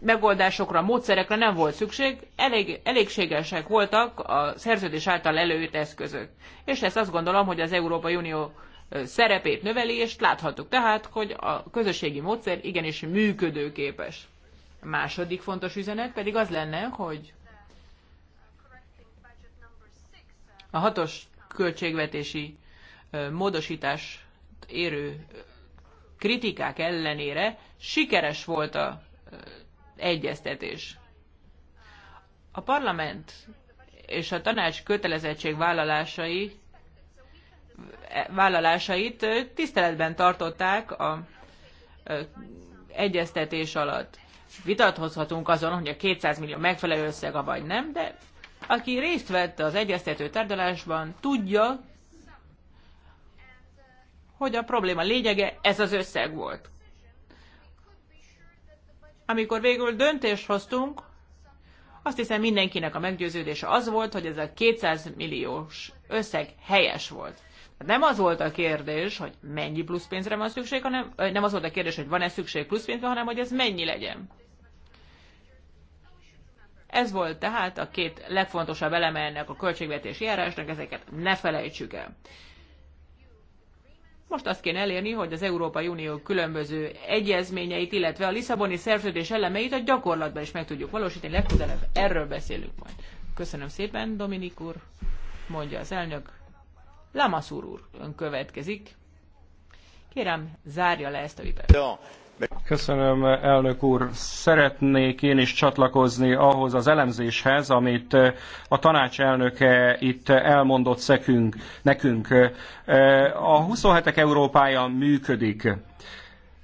megoldásokra, módszerekre nem volt szükség, elég, elégségesek voltak a szerződés által előírt eszközök. És ezt azt gondolom, hogy az Európai Unió szerepét növeli, és láthattuk tehát, hogy a közösségi módszer igenis működőképes. A második fontos üzenet pedig az lenne, hogy a hatos költségvetési módosítás érő kritikák ellenére sikeres volt a egyeztetés. A parlament és a tanács kötelezettség vállalásai, e, vállalásait tiszteletben tartották a e, egyeztetés alatt. Vitatkozhatunk azon, hogy a 200 millió megfelelő összeg, vagy nem, de aki részt vett az egyeztető tárgyalásban, tudja, hogy a probléma lényege ez az összeg volt amikor végül döntést hoztunk, azt hiszem mindenkinek a meggyőződése az volt, hogy ez a 200 milliós összeg helyes volt. Nem az volt a kérdés, hogy mennyi plusz pénzre van szükség, hanem nem az volt a kérdés, hogy van-e szükség plusz pénzre, hanem hogy ez mennyi legyen. Ez volt tehát a két legfontosabb eleme ennek a költségvetési járásnak, ezeket ne felejtsük el. Most azt kéne elérni, hogy az Európai Unió különböző egyezményeit, illetve a Lisszaboni szerződés elemeit a gyakorlatban is meg tudjuk valósítani. Legközelebb erről beszélünk majd. Köszönöm szépen, Dominik úr, mondja az elnök. Lamassur úr, ön következik. Kérem, zárja le ezt a vitát. Köszönöm, elnök úr. Szeretnék én is csatlakozni ahhoz az elemzéshez, amit eh, a tanács elnöke itt elmondott szekünk, nekünk. Eh, a 27-ek Európája működik.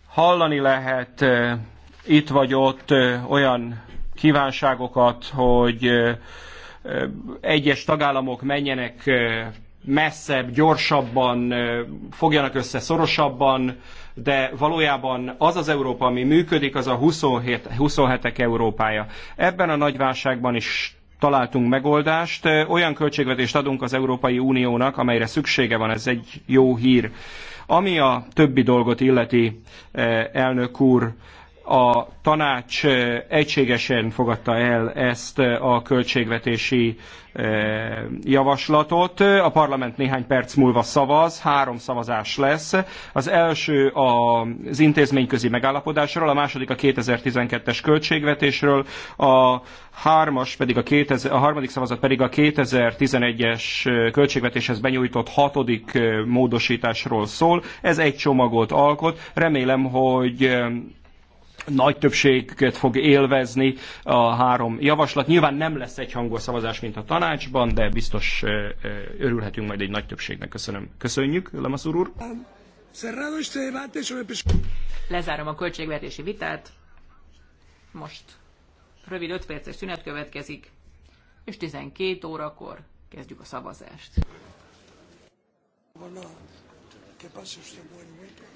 Hallani lehet eh, itt vagy ott olyan kívánságokat, hogy egyes tagállamok menjenek messzebb, gyorsabban, fogjanak össze szorosabban, de valójában az az Európa, ami működik, az a 27, 27-ek Európája. Ebben a nagy válságban is találtunk megoldást, olyan költségvetést adunk az Európai Uniónak, amelyre szüksége van, ez egy jó hír. Ami a többi dolgot illeti, eh, elnök úr, a tanács egységesen fogadta el ezt a költségvetési javaslatot. A parlament néhány perc múlva szavaz, három szavazás lesz. Az első az intézményközi megállapodásról, a második a 2012-es költségvetésről, a hármas pedig a, 2000, a harmadik szavazat pedig a 2011-es költségvetéshez benyújtott hatodik módosításról szól. Ez egy csomagot alkot. Remélem, hogy nagy többséget fog élvezni a három javaslat. Nyilván nem lesz egy hangos szavazás, mint a tanácsban, de biztos örülhetünk majd egy nagy többségnek. Köszönöm. Köszönjük, Lemaszúr úr. Lezárom a költségvetési vitát. Most rövid 5 perces szünet következik, és 12 órakor kezdjük a szavazást. Bueno, usted